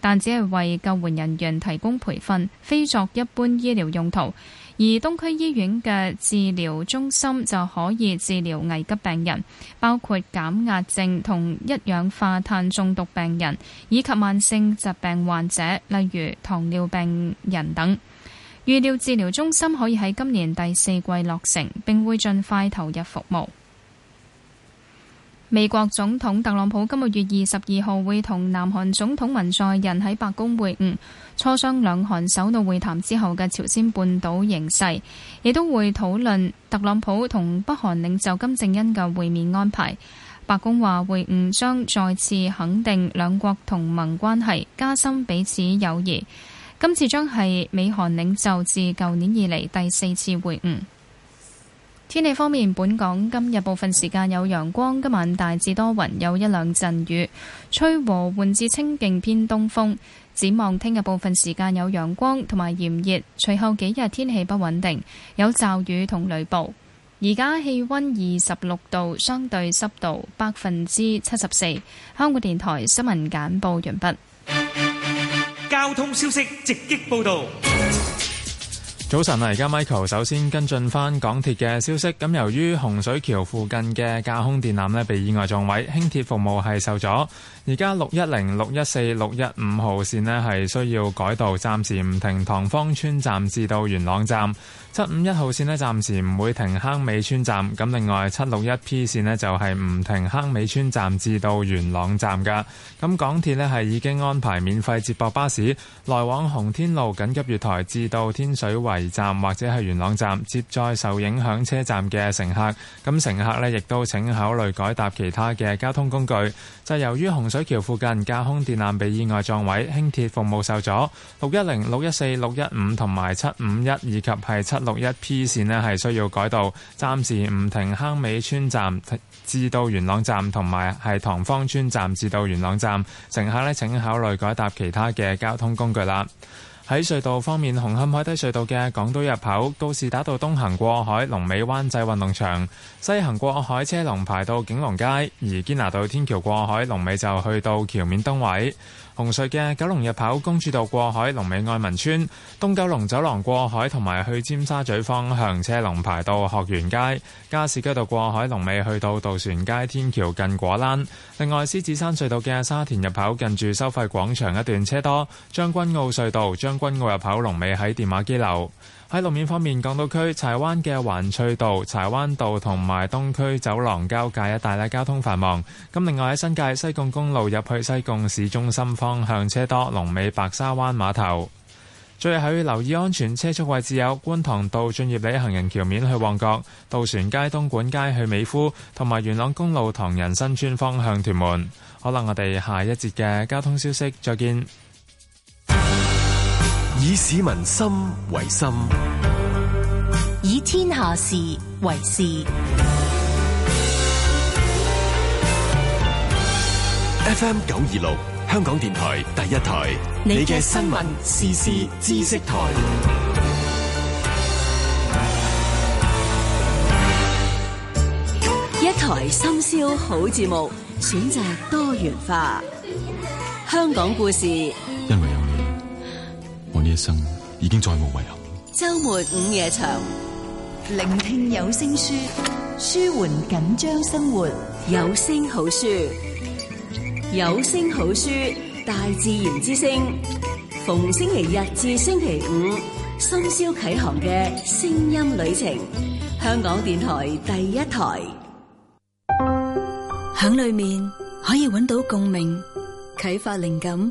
但只係為救援人員提供培訓，非作一般醫療用途。而東區醫院嘅治療中心就可以治療危急病人，包括減壓症同一氧化碳中毒病人，以及慢性疾病患者，例如糖尿病人等。預料治療中心可以喺今年第四季落成，並會盡快投入服務。美國總統特朗普今個月二十二號會同南韓總統文在寅喺白宮會晤，磋商兩韓首腦會談之後嘅朝鮮半島形勢，亦都會討論特朗普同北韓領袖金正恩嘅會面安排。白宮話會晤將再次肯定兩國同盟關係，加深彼此友誼。今次將係美韓領袖自舊年以嚟第四次會晤。天氣方面，本港今日部分時間有陽光，今晚大致多雲，有一兩陣雨，吹和緩至清勁偏東風。展望聽日部分時間有陽光同埋炎熱，隨後幾日天氣不穩定，有驟雨同雷暴。而家氣溫二十六度，相對濕度百分之七十四。香港電台新聞簡報完畢。交通消息直擊報道。早晨啊！而家 Michael 首先跟進翻港鐵嘅消息。咁由於洪水橋附近嘅架空電纜咧被意外撞毀，輕鐵服務係受阻。而家六一零、六一四、六一五號綫咧係需要改道，暫時唔停塘坊村站至到元朗站。七五一號綫咧暫時唔會停坑尾村站。咁另外七六一 P 綫咧就係唔停坑尾村站至到元朗站噶咁港鐵咧係已經安排免費接駁巴士，來往洪天路緊急月台至到天水圍站或者係元朗站接載受影響車站嘅乘客，咁乘客呢亦都請考慮改搭其他嘅交通工具。就由於洪水橋附近架空電纜被意外撞毀，輕鐵服務受阻。六一零、六一四、六一五同埋七五一以及係七六一 P 線呢係需要改道，暫時唔停坑尾村站至到元朗站，同埋係塘坊村站至到元朗站，乘客呢請考慮改搭其他嘅交通工具啦。喺隧道方面，紅磡海底隧道嘅港島入口，告士打道東行過海，龍尾灣仔運動場；西行過海，車龍排到景隆街，而堅拿道天橋過海，龍尾就去到橋面燈位。紅隧嘅九龍入口公主道過海，龍尾愛民村；東九龍走廊過海同埋去尖沙咀方向車龍排到學園街；加士居道過海龍尾去到渡船街天橋近果欄。另外，獅子山隧道嘅沙田入口近住收費廣場一段車多；將軍澳隧道將軍澳入口龍尾喺電話機樓。喺路面方面，港島區柴灣嘅環翠道、柴灣道同埋東區走廊交界一帶呢，交通繁忙。咁另外喺新界西貢公路入去西貢市中心方向車多，龍尾白沙灣碼頭。最後要留意安全車速位置，有觀塘道駿業里行人橋面去旺角、渡船街東莞街去美孚，同埋元朗公路唐人新村方向屯門。可能我哋下一節嘅交通消息再見。以市民心為心，以天下事為事。 FM 九二六，香港電台第一台，你嘅新聞、時事、知識台， 一台深宵好節目，選擇多元化，香港故事。因為有。呢一生已經再冇遺憾。週末午夜場，聆聽有聲書，舒緩緊張生活。有聲好書，有聲好書，大自然之聲。逢星期日至星期五，深宵啟航嘅聲音旅程，香港電台第一台。響裏面可以揾到共鳴，啟發靈感。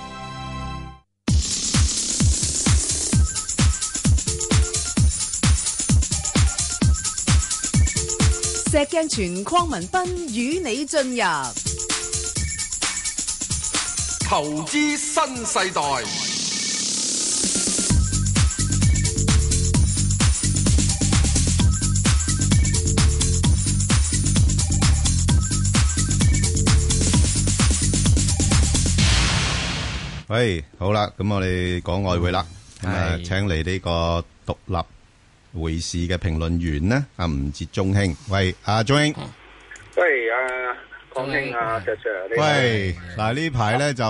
石鏡泉鄺民彬，與你進入投資新世代。喂，好啦，咁我哋講外匯啦，係是請嚟呢個獨立。匯市嘅評論員呢？啊，吳哲中興，喂，阿、啊、中興，喂，阿鄺興啊，石 Sir，呢喂，嗱呢排呢，就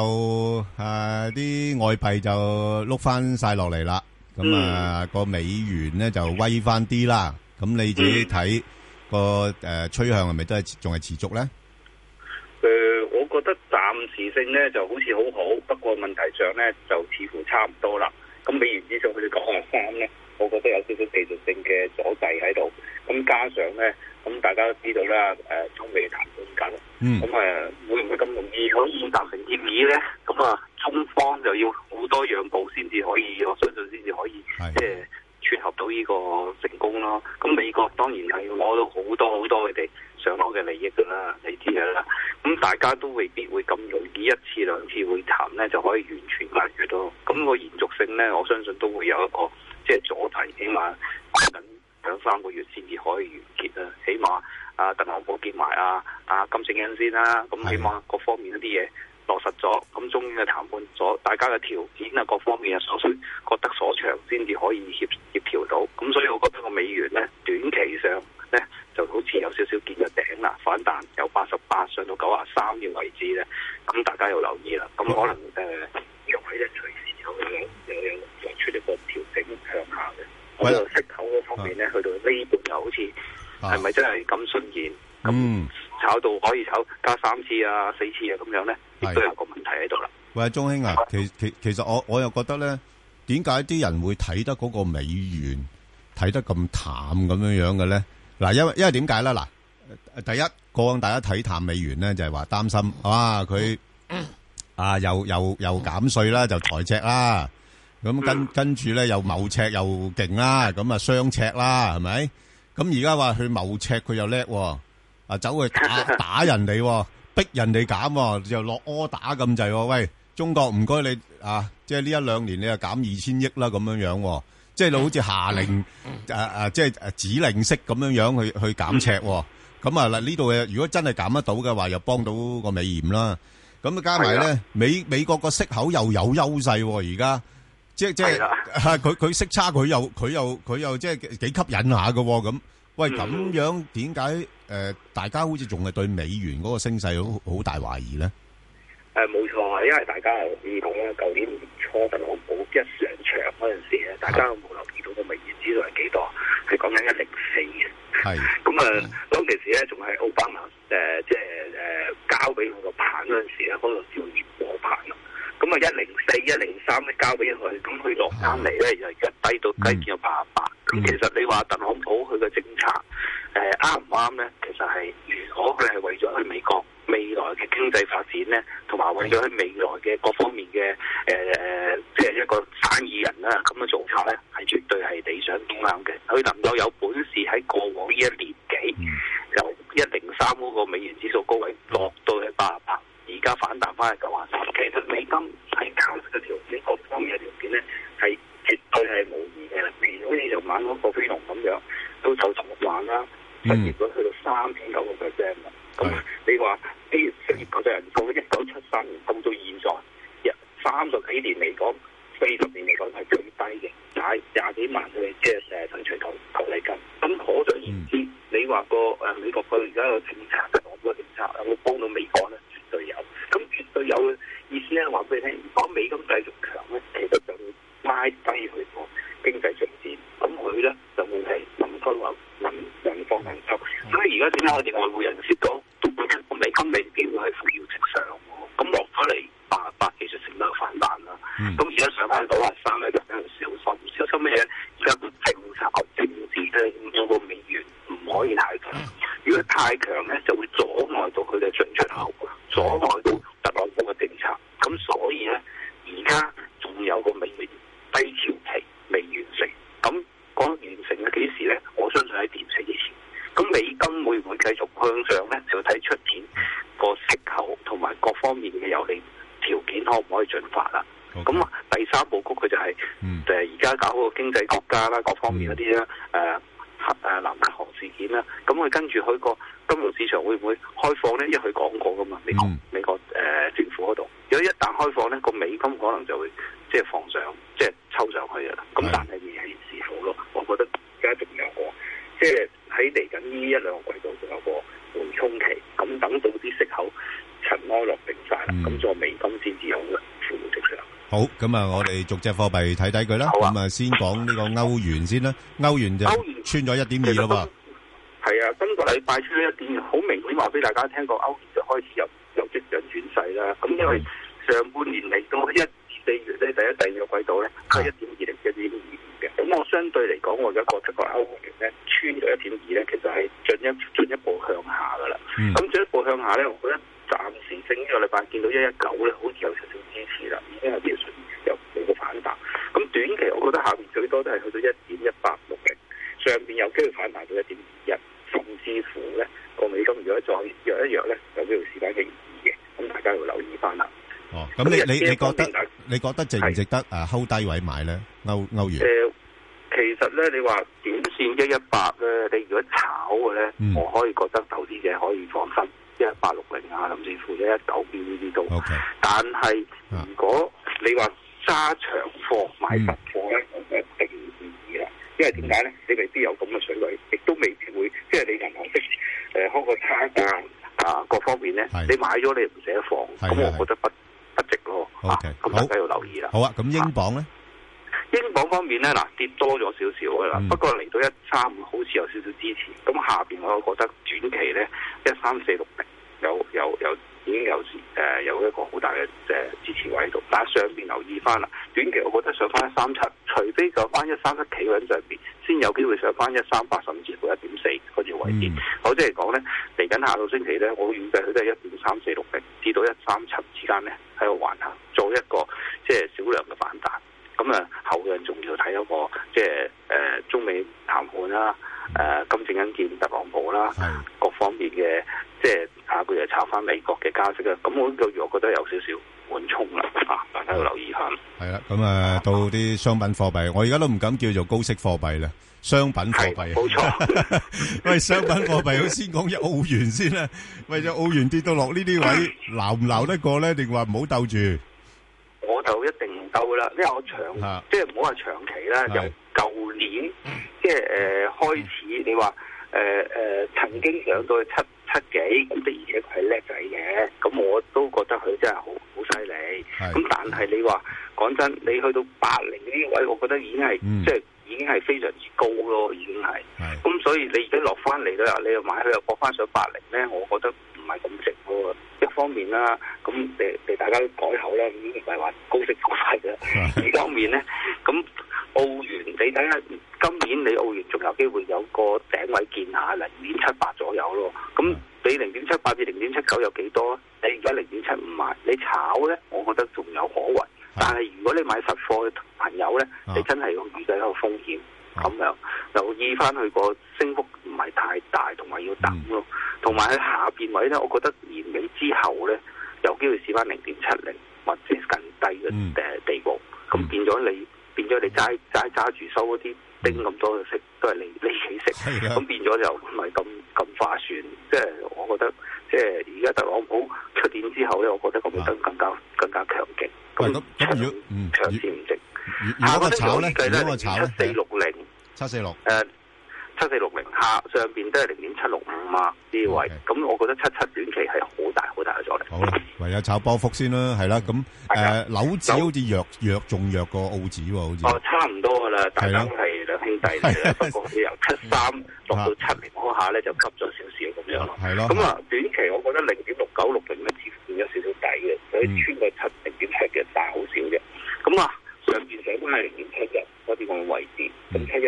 誒啲、啊、外幣就碌翻晒落嚟啦，咁、嗯、啊個美元呢，就威翻啲啦，咁你自己睇個誒趨向係咪都係仲係持續呢？誒、呃，我覺得暫時性呢就好似好好，不過問題上呢，就似乎差唔多啦，咁美元指數佢哋講啊，咁咯。我覺得有少少技術性嘅阻滯喺度，咁加上咧，咁大家都知道啦，誒中美談緊，咁誒、嗯、會唔會咁容易、嗯、可以達成協議咧？咁啊，中方就要好多讓步先至可以，我相信先至可以即係撮合到呢個成功咯。咁美國當然係攞到好多好多佢哋上攞嘅利益㗎啦，你知嘅啦。咁大家都未必會咁容易一次兩次會談咧，就可以完全解決到。咁、那個延續性咧，我相信都會有一個。即係阻題，起碼等緊兩三個月先至可以完結，結啊。起碼啊，特朗普見埋啊，啊金正恩先啦。咁起碼各方面一啲嘢落實咗，咁中美嘅談判咗，大家嘅條件啊，各方面啊，所需各得所長，先至可以協協調到。咁所以，我覺得個美元咧，短期上咧就好似有少少見咗頂啦，反彈由八十八上到九十三嘅位置咧。咁大家要留意啦。咁可能誒用起一啲。嗯有有有有作出一個調整向下嘅，喺度息口嗰方面咧，是去到呢半又好似係咪真係咁順延咁炒到可以炒加三次啊、四次啊咁樣咧，亦是都有個問題喺度啦。喂、啊，中興啊，其其實其實我我又覺得咧，點解啲人會睇得嗰個美元睇得咁淡咁樣樣嘅咧？嗱，因為因為點解咧？嗱，第一個大家睇淡美元咧，就係話擔心，哇、啊，佢、啊。 啊！又又又減稅啦，就台赤啦。咁、啊、跟跟住咧，又貿赤又勁啦。咁啊，雙赤啦，係咪？咁而家話佢貿赤佢又叻、啊，啊走去打打人哋、啊，逼人哋減、啊，又落柯打咁滯。喂，中國唔該你啊！即係呢一兩年你就減二千億啦，咁樣樣，即係你好似下令啊啊！即係、啊啊、指令式咁樣樣去去減赤、啊。咁啊嗱，呢度嘅如果真係減得到嘅話，又幫到個美嫌啦。咁啊，加埋咧美美國個息口又有優勢喎，而家即即係佢佢息差佢又佢又佢又即係幾吸引下嘅咁。喂，咁樣點解誒大家好似仲係對美元嗰個升勢好好大懷疑咧？誒冇錯啊，因為大家留意到咧，舊年年初份澳股一上場嗰陣時咧，大家有冇留意到個美元指數係幾多？係講緊一零四嘅。係，咁啊嗰陣時咧仲係奧巴馬誒，即係誒交俾佢個棒嗰陣時咧，嗰度叫熱火棒咯。咁啊，一零四、一零三咧交俾佢，咁佢落翻嚟咧又一低到低見有八八。咁其實你話特朗普佢個、嗯、政策誒啱唔啱咧？其實係如果佢係為咗去美國，未來嘅經濟發展咧，同埋為咗喺未來嘅各方面嘅誒誒，即係一個生意人啦、啊，咁嘅做法咧，係絕對係理想啱嘅。佢能夠有本事喺過往呢一年幾由一零三嗰個美元指數高位落到去八十八，而家反彈翻去九啊十。其實美金係交易嘅條件，各方面嘅條件咧，係絕對係冇意嘅啦。如果你就晚嗰個飛龍咁樣，都收十六萬啦，都跌咗去到三點九個 percent。咁你話啲商業人士一九七三年到到現在，三十幾年嚟講，四十年嚟講係最低嘅，解廿幾萬佢哋即係成日退休撈撈嚟金。咁可想而知，你話個誒美國佢而家個政策講個政策有冇幫到美國咧？絕對有。咁絕對有意思咧，話俾你聽，如果美金繼續強咧，其實就會拉低佢個經濟進展。咁佢咧就會係咁。均衡。兩方面都，咁而家點解我哋外匯人士到都覺得個,個美金未必會係扶搖直上喎，咁落咗嚟八百幾隻成日反彈啦。咁而家上翻到三千咧，就可能少份，少咗咩咧？而家政策政治咧，用到美元唔可以太強，如果太強咧，就會阻礙到佢嘅進出口，阻礙到特朗普嘅政策。咁所以咧，而家仲有個美元低潮期未完成，咁。講完成嘅幾時咧？我相信喺年尾之前。咁美金會唔會繼續向上咧？就睇出年個息口同埋各方面嘅有利條件可唔可以進發啦。咁 Okay. 第三部曲、就是，佢、嗯、就係誒，而家搞好個經濟國家啦，各方面嗰啲咧誒誒，南北韓事件啦。咁佢跟住佢個金融市場會唔會開放咧？一佢講過噶嘛，美國、嗯、美國誒、uh, 政府嗰度。如果一旦開放咧，個美金可能就會即係放上。好，咁我哋逐隻貨幣睇睇佢啦。咁啊，先講呢個歐元先啦。歐元就穿咗一點二嘞。你你覺得你覺得值唔值得誒 hold、啊、低位買咧歐歐元？咁英鎊咧？英鎊方面咧，嗱跌多咗少少嘅啦，嗯、不過嚟到一三五，好似有少少支持。咁下邊，我又覺得短期咧一三四六零有有有已經有誒有一個好大嘅誒支持位喺度。但係上邊留意翻啦，短期我覺得上翻一三七，除非就翻一三七企穩上邊，先有機會上翻一三八甚至乎一點四嗰條位跌。嗯到啲商品貨幣，我而家都唔敢叫做高息貨幣啦，商品貨幣，冇錯。喂，商品貨幣，我先講澳元先啦。喂，澳元跌到落呢啲位，撈唔撈得過咧？定話唔好鬥住？我就一定唔鬥啦，因為我長，即係唔好話長期啦，由舊年即係誒開始，你話誒誒曾經上到去七七幾，的而且佢係叻仔嘅，咁我都覺得佢真係好好犀利。咁但係你話。講真，你去到八零呢啲位，我覺得已經係、嗯、即係已經係非常之高咯，已經係。咁的所以你而家落翻嚟咧，你又買佢又搏翻上八零咧，我覺得唔係咁值咯。一方面啦，咁我哋大家改口啦，已經唔係話高息高費嘅。二的方面咧，咁澳元你睇下，今年你澳元仲有機會有個頂位見下，零點七八左右咯。咁你零點七八至零點七九有幾多咧？你而家零點七五買，你炒咧，我覺得仲有可為。.但係如果你買實貨嘅朋友咧，你真係要預計一個風險咁樣，留意翻佢個升幅唔係太大，同埋要等咯。同埋喺下邊位咧，我覺得年尾之後咧，有機會試翻零點七零或者更低嘅誒地步，咁變咗你變咗你齋齋揸住收一啲。.冰咁多食都係你呢幾食，咁變咗就唔係咁咁化算，即係我覺得即係而家特朗普出年之後咧，我覺得個股更加更加強勁。咁咁如果嗯長唔值，下個炒咧，如果我炒咧，七四六零，七四六，誒，七四六零下上邊都係零點七六五嘛呢位，咁我覺得七七短期係好大好大。好，唯有炒波幅先啦，係啦，咁、嗯，誒，紐紙好似弱弱仲弱過澳紙喎，好似哦，差唔多噶啦，係啦，係兩、嗯、兄弟嚟，不過由七三落到七零嗰下咧就急咗少少咁樣咯，係咯、uh, 嗯，咁啊，短期我覺得零點六九六零咧似乎變咗少少底嘅，所以穿過七零點七日但係好少啫，咁啊，上邊成都係零點七一嗰啲咁嘅位置，咁七一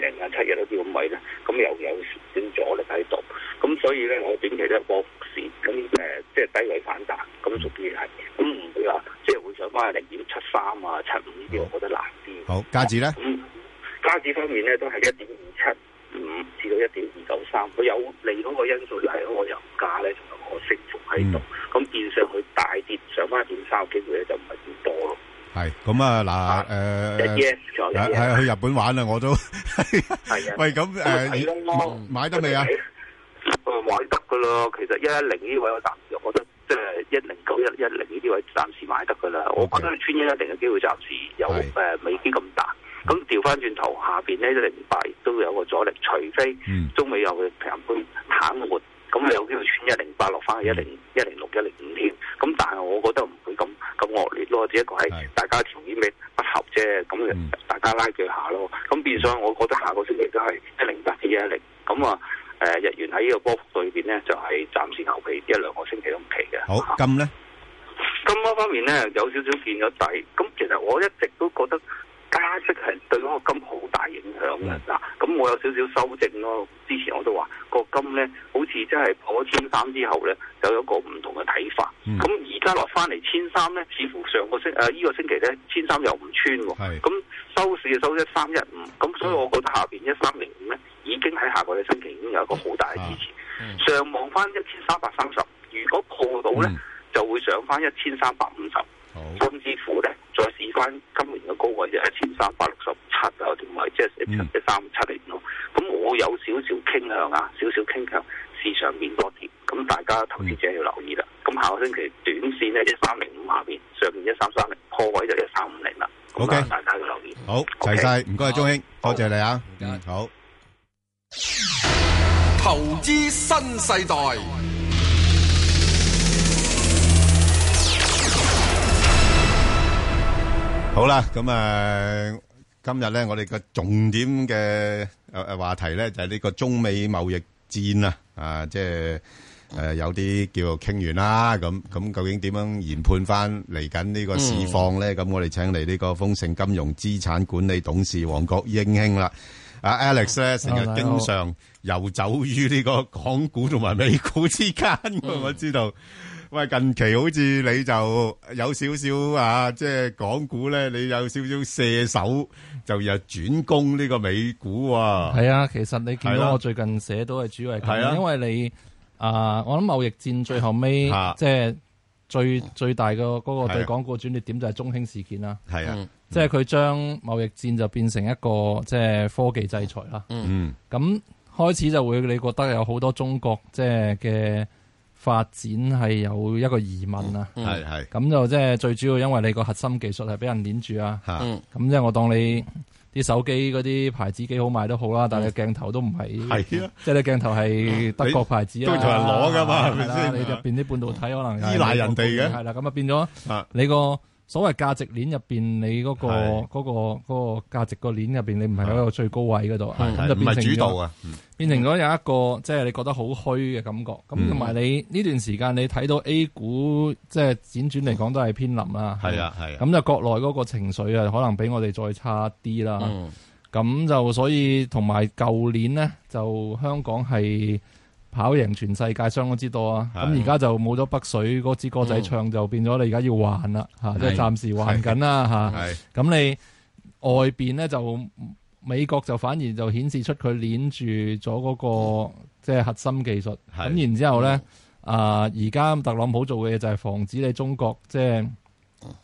二零啊七一嗰啲咁位咧，咁又有阻力喺度，咁所以咧我短期咧波咁誒，即係低位反彈，咁屬於係，咁唔會話即係會上翻零點七三啊、七五呢啲，我覺得難啲。好，加紙咧？嗯，加紙方面咧都係一、嗯嗯、一點二七五至到一點二九三，佢有利嗰個因素係嗰個油價咧同埋個升幅喺度，咁變相佢大跌上翻點三嘅機會咧就唔係咁多咯。係，咁啊嗱誒，耶！在耶！喺去日本玩咧，我都係啊。 的喂，咁誒、嗯、買得未啊？誒，買得噶咯。其實 ers, 91,、okay. 一一零呢啲位暫時，嗯 10, 嗯、10 6, 我覺得即係一零九一一零呢啲位暫時買得噶啦。我覺得你穿一一零嘅機會暫時有誒未見咁大。咁調翻轉頭下邊呢，一零八亦都有個阻力，除非中美有嘅平盤癱瘓，咁你有機會穿一零八落翻去一零一零六一零五添。咁但係我覺得唔會咁咁惡劣咯，只一個係大家條件未不合啫，咁大家拉鋸下咯。咁變相我覺得下個星期都係一零八至一一零咁啊。誒日元喺呢個波幅裏邊咧，就係、是、暫時後期一兩個星期咁期嘅。好，金咧，金嗰方面咧有少少見咗底。咁其實我一直都覺得。加息係對嗰個金好大影響嘅嗱，咁、嗯啊、我有少少修正咯、哦。之前我都話個金咧，好似真係破咗千三之後咧，就有一個唔同嘅睇法。咁而家落翻嚟千三咧，似乎上個星誒呢個星期咧，千三又唔穿喎、哦。咁是收市就收一三一五，咁所以我覺得下邊一三零五咧，已經喺下個嘅星期已經有一個好大嘅支持。啊嗯、上望翻一千三百三十，如果破到咧，嗯、就會上翻一千三百五十。甚至乎咧，再試翻就係前三百六十七啊，同埋即係成一三五七零咯。咁、嗯、我有少少傾向啊，少少傾向市場面多啲。咁大家投資者要留意啦。咁、嗯、下個星期短線咧，一三零五下邊，上面一三三零破位就一三五零啦。咁啊，大家要留意。好，齊晒 Okay?，唔該，鍾兄，好多謝你啊。好。好投資新世代。好啦，咁、嗯、啊，今日咧，我哋個重點嘅誒誒話題咧，就係、是、呢個中美貿易戰啊，啊，即係誒、呃、有啲叫做傾完啦，咁、嗯、咁、嗯嗯嗯、究竟點樣研判翻嚟緊呢個市況咧？咁我哋請嚟呢個豐盛金融資產管理董事王國英兄啦，阿、嗯啊、Alex 咧成日經常遊走於呢個港股同埋美股之間喎，嗯、我知道。喂，近期好似你就有少少啊，即、就、係、是、港股咧，你有少少射手就又轉攻呢個美股喎、啊。係啊，其實你見到我最近寫到嘅主要係，啊、因為你啊、呃，我諗貿易戰最後尾即係、就是、最、啊、最大嘅嗰個對港股轉捩點就係中興事件啦。係啊，即係佢將貿易戰就變成一個即係、就是、科技制裁啦。嗯嗯，咁、嗯、開始就會你覺得有好多中國即係嘅。就是發展係有一個疑問啊，係係、嗯，咁就即係最主要，因為你個核心技術係俾人捏住啊，嗯，咁即係我當你啲手機嗰啲牌子幾好賣都好啦，但係鏡頭都唔係，係、啊、即係你鏡頭係德國牌子啊嘛，同人攞㗎嘛，係咪先？你入邊啲半導體可能依賴人哋嘅，係啦、啊，咁啊變咗你個。所謂價值鏈入邊，你嗰個嗰個嗰個價值個鏈入邊，你唔係喺個最高位嗰度，咁就變成唔係主導啊，變成咗有一個即係你覺得好虛嘅感覺。咁同埋你呢段時間你睇到 A 股即係輾轉嚟講都係偏臨啦，係啊係，咁就國內嗰個情緒啊，可能比我哋再差啲啦。咁就所以同埋舊年呢，就香港係。跑贏全世界，相當之多啊！咁而家就冇咗北水嗰支歌仔唱，就變咗你而家要還啦嚇，即係暫時還緊啦嚇。咁你外邊咧就美國就反而就顯示出佢攆住咗嗰個即係核心技術。咁然之後咧，啊而家特朗普做嘅嘢就係防止你中國即係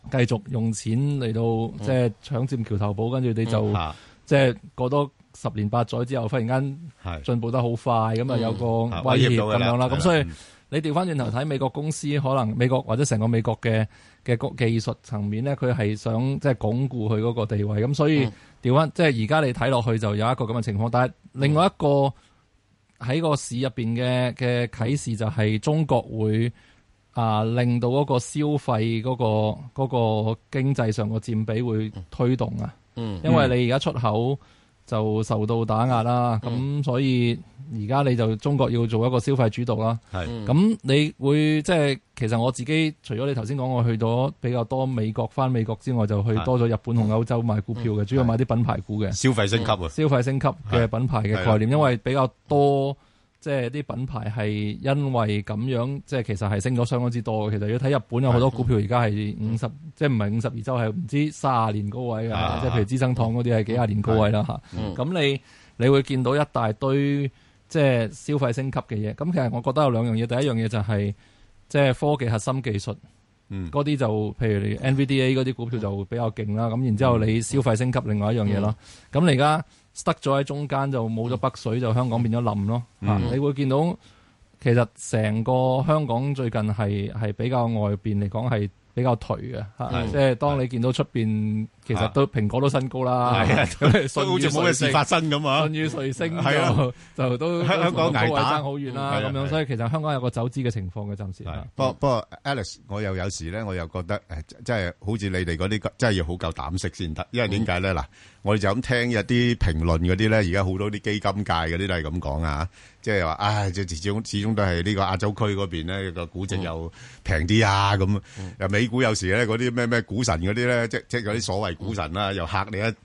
繼續用錢嚟到即係搶佔橋頭堡，跟住你就即係過多。十年八載之後，忽然間進步得好快，咁啊、嗯、有個威脅咁、啊、樣啦。咁的所以的你調翻轉頭睇美國公司，可能美國或者成個美國嘅嘅個技術層面咧，佢係想即係鞏固佢嗰個地位。咁所以調翻、嗯、即係而家你睇落去就有一個咁嘅情況。但係另外一個喺個、嗯、市入邊嘅嘅啟示就係中國會啊令到嗰個消費嗰、個嗰、個經濟上個佔比會,會推動啊。嗯，因為你而家出口。嗯嗯就受到打壓啦，咁、嗯、所以而家你就中國要做一個消費主導啦。係、嗯，咁你會即係、就是、其實我自己除咗你頭先講，我去咗比較多美國翻美國之外，就去了多咗日本同歐洲買股票嘅，嗯、主要買啲品牌股嘅。消費升級啊！嗯、消費升級嘅品牌嘅概念，嗯、因為比較多。即係啲品牌係因為咁樣，即係其實係升咗相當之多嘅。其實要睇日本有好多股票而家係五十，即係唔係五十二周，係唔知三十年高位嘅。啊、即係譬如資生堂嗰啲係幾廿年高位啦嚇。咁、嗯、你你會見到一大堆即係消費升級嘅嘢。咁其實我覺得有兩樣嘢，第一樣嘢就係、是、即係科技核心技術，嗰啲、嗯、就譬如你 NVDA 嗰啲股票就比較勁啦。咁然之後你消費升級另外一樣嘢咯。咁、嗯嗯嗯嗯嗯嗯嗯、你而家。塞咗喺中間，就冇咗北水，就香港變咗冧咯啊！你會見到其實成個香港最近係係比較外邊嚟講係比較頹嘅。的的即係當你見到出邊。其實都蘋果都新高啦，係啊，都好似冇咩事發生咁啊。順於瑞星係啊，就都香港捱打爭好遠啦，咁樣，所以其實香港有個走資嘅情況嘅暫時。不過不過 Alex，我又有時咧，我又覺得誒，即係好似你哋嗰啲，真係要好夠膽色先得。因為點解咧？嗱，我哋就咁聽一啲評論嗰啲咧，而家好多啲基金界嗰啲都係咁講啊，即係話，唉，即始終始終都係呢個亞洲區嗰邊咧個估值又平啲啊，咁美股有時咧嗰啲咩咩股神嗰啲咧，即即係嗰啲所謂。股神啊又嚇你一驚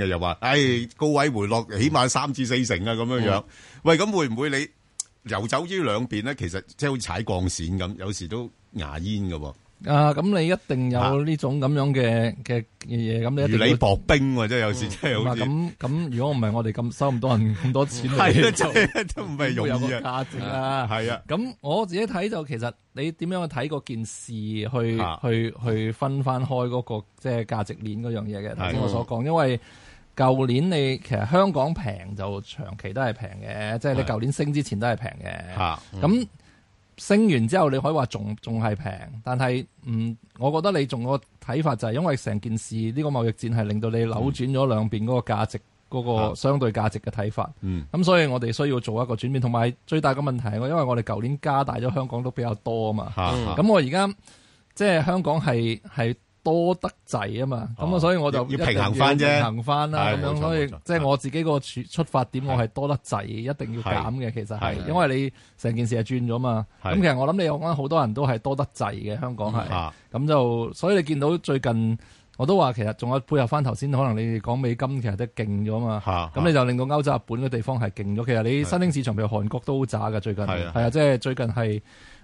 嘅又話，唉、哎，高位回落，起碼三至四成啊，咁樣樣，嗯、喂，咁會唔會你游走於兩邊咧？其實即係好似踩鋼線咁，有時都牙煙嘅。啊！咁你一定有呢種咁樣嘅嘅嘢，咁、啊、你一定要，如履薄冰、啊，真係有時真係好似咁咁，如果唔係我哋咁收咁多人咁 多錢嚟都唔係容易啊。係 啊。咁我自己睇就其實你點樣去睇個件事去、啊去，去去去分翻開嗰、那個即係價值鏈嗰樣嘢嘅。頭先我所講，的因為舊年你其實香港平就長期都係平嘅，即、就、係、是、你舊年升之前都係平嘅。吓咁、嗯。嗯升完之後，你可以話仲仲係平，但係唔、嗯，我覺得你仲個睇法就係因為成件事呢、呢個貿易戰係令到你扭轉咗兩邊嗰個價值嗰、嗯、個相對價值嘅睇法。咁、嗯、所以，我哋需要做一個轉變。同埋最大嘅問題，係因為我哋舊年加大咗香港都比較多啊嘛。咁、嗯嗯嗯、我而家即係香港係係。多得滯啊嘛，咁啊所以我就要平衡翻啫，平衡翻啦咁樣，所以即係我自己個出發點，我係多得滯，一定要減嘅。其實係因為你成件事係轉咗嘛，咁其實我諗你有覺好多人都係多得滯嘅，香港係，咁就所以你見到最近我都話其實仲有配合翻頭先，可能你哋講美金其實都勁咗嘛，咁你就令到歐洲、日本嘅地方係勁咗。其實你新興市場譬如韓國都好渣㗎最近，係啊，即係最近係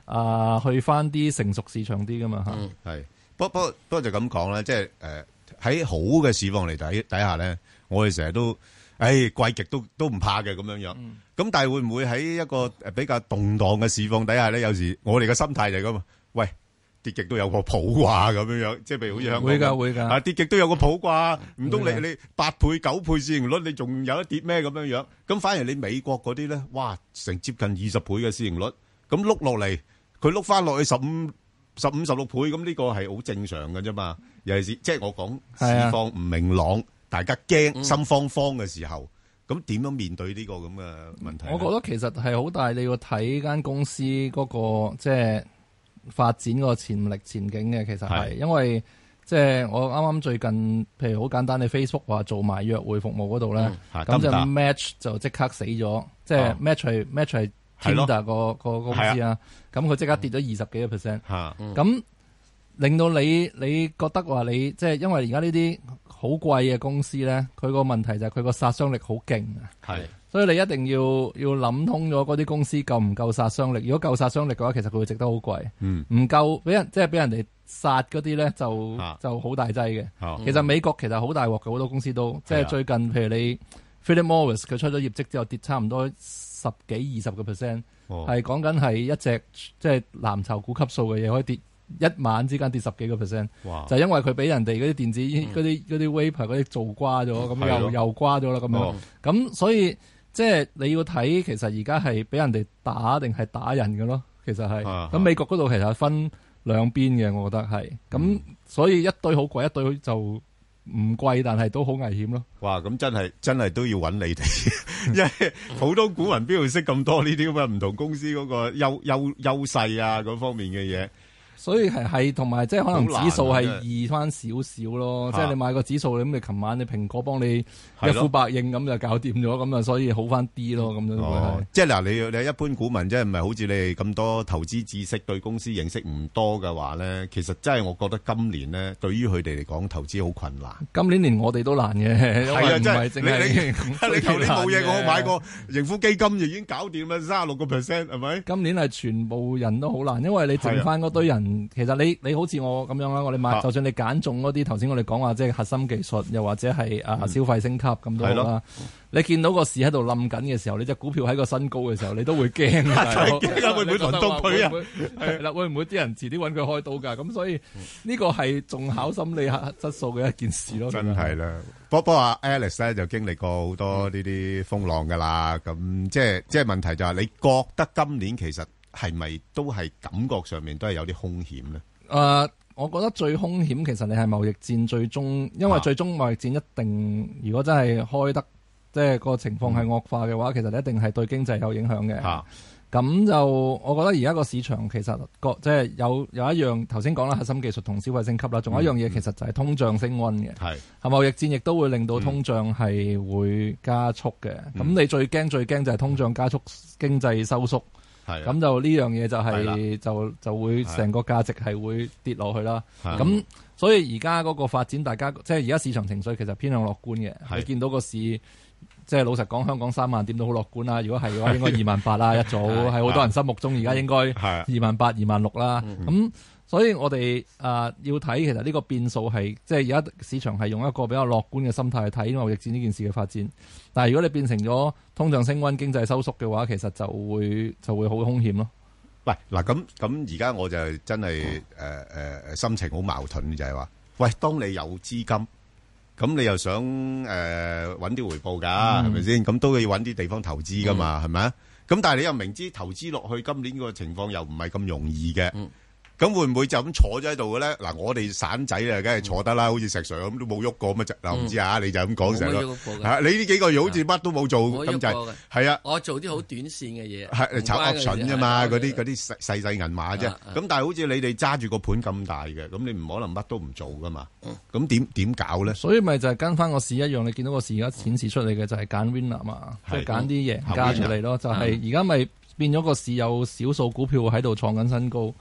啊去翻啲成熟市場啲噶嘛吓，係。不不不過就咁講啦，即係誒喺好嘅市況嚟睇底下咧，我哋成日都誒貴極都都唔怕嘅咁樣樣。咁但係會唔會喺一個比較動盪嘅市況底下咧？有時我哋嘅心態就係咁啊！喂，跌極都有個譜啩咁樣樣，即係譬如好似香港會㗎會㗎啊，跌極都有個譜啩，唔通你你八倍九倍市盈率你仲有一跌咩咁樣樣？咁反而你美國嗰啲咧，哇，成接近二十倍嘅市盈率，咁碌落嚟佢碌翻落去十五。十五十六倍咁呢個係好正常㗎啫嘛，尤其是即係、就是、我講市況唔明朗，是啊、大家驚心慌慌嘅時候，咁點、嗯、樣面對呢個咁嘅問題？我覺得其實係好大，你要睇間公司嗰、那個即係發展個潛力前景嘅。其實係是、啊、因為即係我啱啱最近，譬如好簡單，你 Facebook 話做埋約會服務嗰度咧，咁、嗯、就 match 就即刻死咗，即係 match match。是啊嗯天達個個公司啊，咁佢即刻跌咗二十幾個 percent，咁令到你你覺得話你即係、就是、因為而家呢啲好貴嘅公司咧，佢個問題就係佢個殺傷力好勁啊。係的，所以你一定要要諗通咗嗰啲公司夠唔夠殺傷力。如果夠殺傷力嘅話，其實佢會值得好貴。唔、嗯、夠俾人即係俾人哋殺嗰啲咧，就是、就好的大劑嘅。其實美國其實好大鑊嘅，好多公司都即係、就是、最近譬如你 Philip Morris 佢出咗業績之後跌差唔多，十幾二十個 percent，係講緊係一隻即係、就是、藍籌股級數嘅嘢，可以跌一晚之間跌十幾個 percent，哇就係因為佢俾人哋嗰啲電子嗰啲嗰啲 vape 嗰啲做瓜咗，咁又、嗯、又瓜咗啦，咁樣，咁、哦、所以即係你要睇，其實而家係俾人哋打定係打人嘅咯，其實係。咁、啊、美國嗰度其實係分兩邊嘅，我覺得係。咁、嗯嗯、所以一堆好貴，一堆就，唔貴，但係都好危險咯。哇！咁真係真係都要搵你哋， 因為好多股民邊度識咁多呢啲咁嘅唔同公司嗰個優優優勢啊嗰方面嘅嘢。所以係係同埋即係可能指數係移翻少少咯，即係你買個指數，咁你琴晚你蘋果幫你一呼百應咁就搞掂咗，咁啊所以好翻啲咯，咁樣會即係嗱，你你一般股民即係唔係好似你咁多投資知識對公司認識唔多嘅話咧，其實真係我覺得今年咧對於佢哋嚟講投資好困難。今年連我哋都難嘅，係啊，真係淨係你你舊年你冇嘢，我買個盈富基金就已經搞掂啦，卅六個 percent 係咪？今年係全部人都好難，因為你剩翻嗰堆人。其實你你好似我咁樣啦，我哋買，就算你揀中嗰啲頭先我哋講話即係核心技術，又或者係啊、嗯、消費升級咁都好啦。的你見到個市喺度冧緊嘅時候，你隻股票喺個新高嘅時候，你都會驚啊！就係、會唔會輪到佢啊？係會唔會啲人遲啲搵佢開刀噶？咁的所以呢個係仲考心理質素嘅一件事咯。真係啦，不過啊 Alice 咧就經歷過好多呢啲風浪噶啦。咁即係即係問題就係你覺得今年其實。係咪都係感覺上面都係有啲風險呢？誒、呃，我覺得最風險其實你係貿易戰最終，因為最終貿易戰一定，啊、如果真係開得即係個情況係惡化嘅話，嗯、其實你一定係對經濟有影響嘅。啊，咁就我覺得而家個市場其實個即係有有，有一樣頭先講啦，核心技術同消費升級啦，仲有一樣嘢其實就係通脹升溫嘅係。係貿、嗯、貿易戰亦都會令到通脹係會加速嘅。咁、嗯嗯、你最驚最驚就係通脹加速經濟收縮，經濟收縮。咁就呢樣嘢就係、是、了就就會成個價值係會跌落去啦。咁的所以而家嗰個發展，大家即係而家市場情緒其實偏向樂觀嘅。的你見到個市，即係老實講，香港三萬點都好樂觀啦。如果係嘅話，應該二萬八啦，一早喺好多人心目中而家應該二萬八、二萬六啦。咁、嗯哼。所以我哋啊、呃、要睇，其實呢個變數係，即係而家市場係用一個比較樂觀嘅心態去睇貿易戰呢件事嘅發展。但係如果你變成咗通脹升溫、經濟收縮嘅話，其實就會就會好兇險咯。喂，嗱咁咁而家我就真係誒誒誒心情好矛盾就係、是、話，喂，當你有資金，咁你又想誒揾啲回報噶，係咪先？咁都要揾啲地方投資噶嘛，係咪？咁但係你又明知投資落去今年個情況又唔係咁容易嘅。嗯咁會唔會就咁坐咗喺度嘅咧？嗱，我哋散仔啊，梗係坐得啦，好似石 Sir 咁都冇喐過咁啊！就唔知啊，你就咁講成咯。你呢幾個月好似乜都冇做，咁就係係啊。我做啲好短線嘅嘢，炒 option 啫嘛，嗰啲嗰啲細細銀碼啫。咁但係好似你哋揸住個盤咁大嘅，咁你唔可能乜都唔做噶嘛。嗯。咁點點搞咧？所以咪就係跟翻個市一樣，你見到個市而家顯示出嚟嘅就係揀 winner 啊嘛，即係揀啲贏家出嚟咯。就係而家咪。變咗個市有少數股票喺度創緊新高，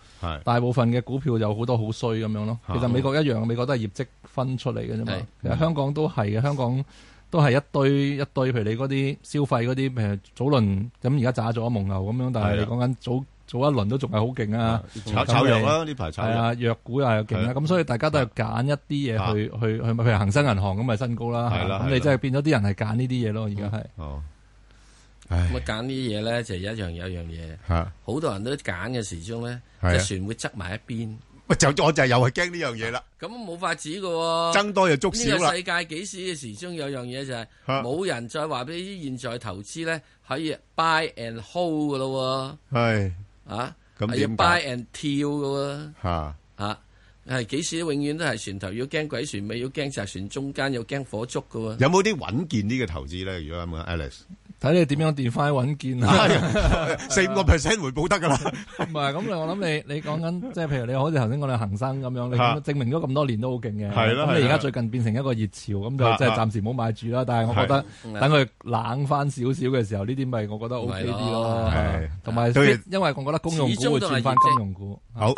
大部分嘅股票有好多好衰咁樣咯。其實美國一樣，美國都係業績分出嚟嘅啫嘛。其實香港都係嘅，香港都係一堆一堆，譬如你嗰啲消費嗰啲誒早輪咁，而家炸咗蒙牛咁樣。但係你講緊早早一輪都仲係好勁啊！炒炒肉啦，呢排炒，係啊，藥股又有勁啦。咁所以大家都係揀一啲嘢去去去，譬如恒生銀行咁咪新高啦。係啦，咁你真係變咗啲人係揀呢啲嘢咯。而家係。咁啊，揀呢啲嘢咧就係一樣有樣嘢，好多人都揀嘅時候咧，隻船會側埋一邊。喂，就我就又係驚呢樣嘢啦。咁冇法子噶，爭多就捉少呢個世界幾時嘅，始終有樣嘢就係冇人再話俾你啲現在投資咧可以 buy and hold 噶咯，係啊，係要 buy and kill 噶，吓吓係幾時永遠都係船頭要驚鬼船尾，要驚就船中間又驚火燭噶。有冇啲穩健啲嘅投資咧？如果咁啊 Alice 睇你點樣 define 穩健啊？四五個 percent 回報得噶啦，唔係咁，我諗你你講緊即係譬如你好似頭先我哋恒生咁樣，你點樣證明咗咁多年都好勁嘅？係咁你而家最近變成一個熱潮，咁就即係暫時冇買住啦。但係我覺得等佢冷翻少少嘅時候，呢啲咪我覺得 O K 啲咯。同埋有對因為我覺得公用股會轉翻金融股。好。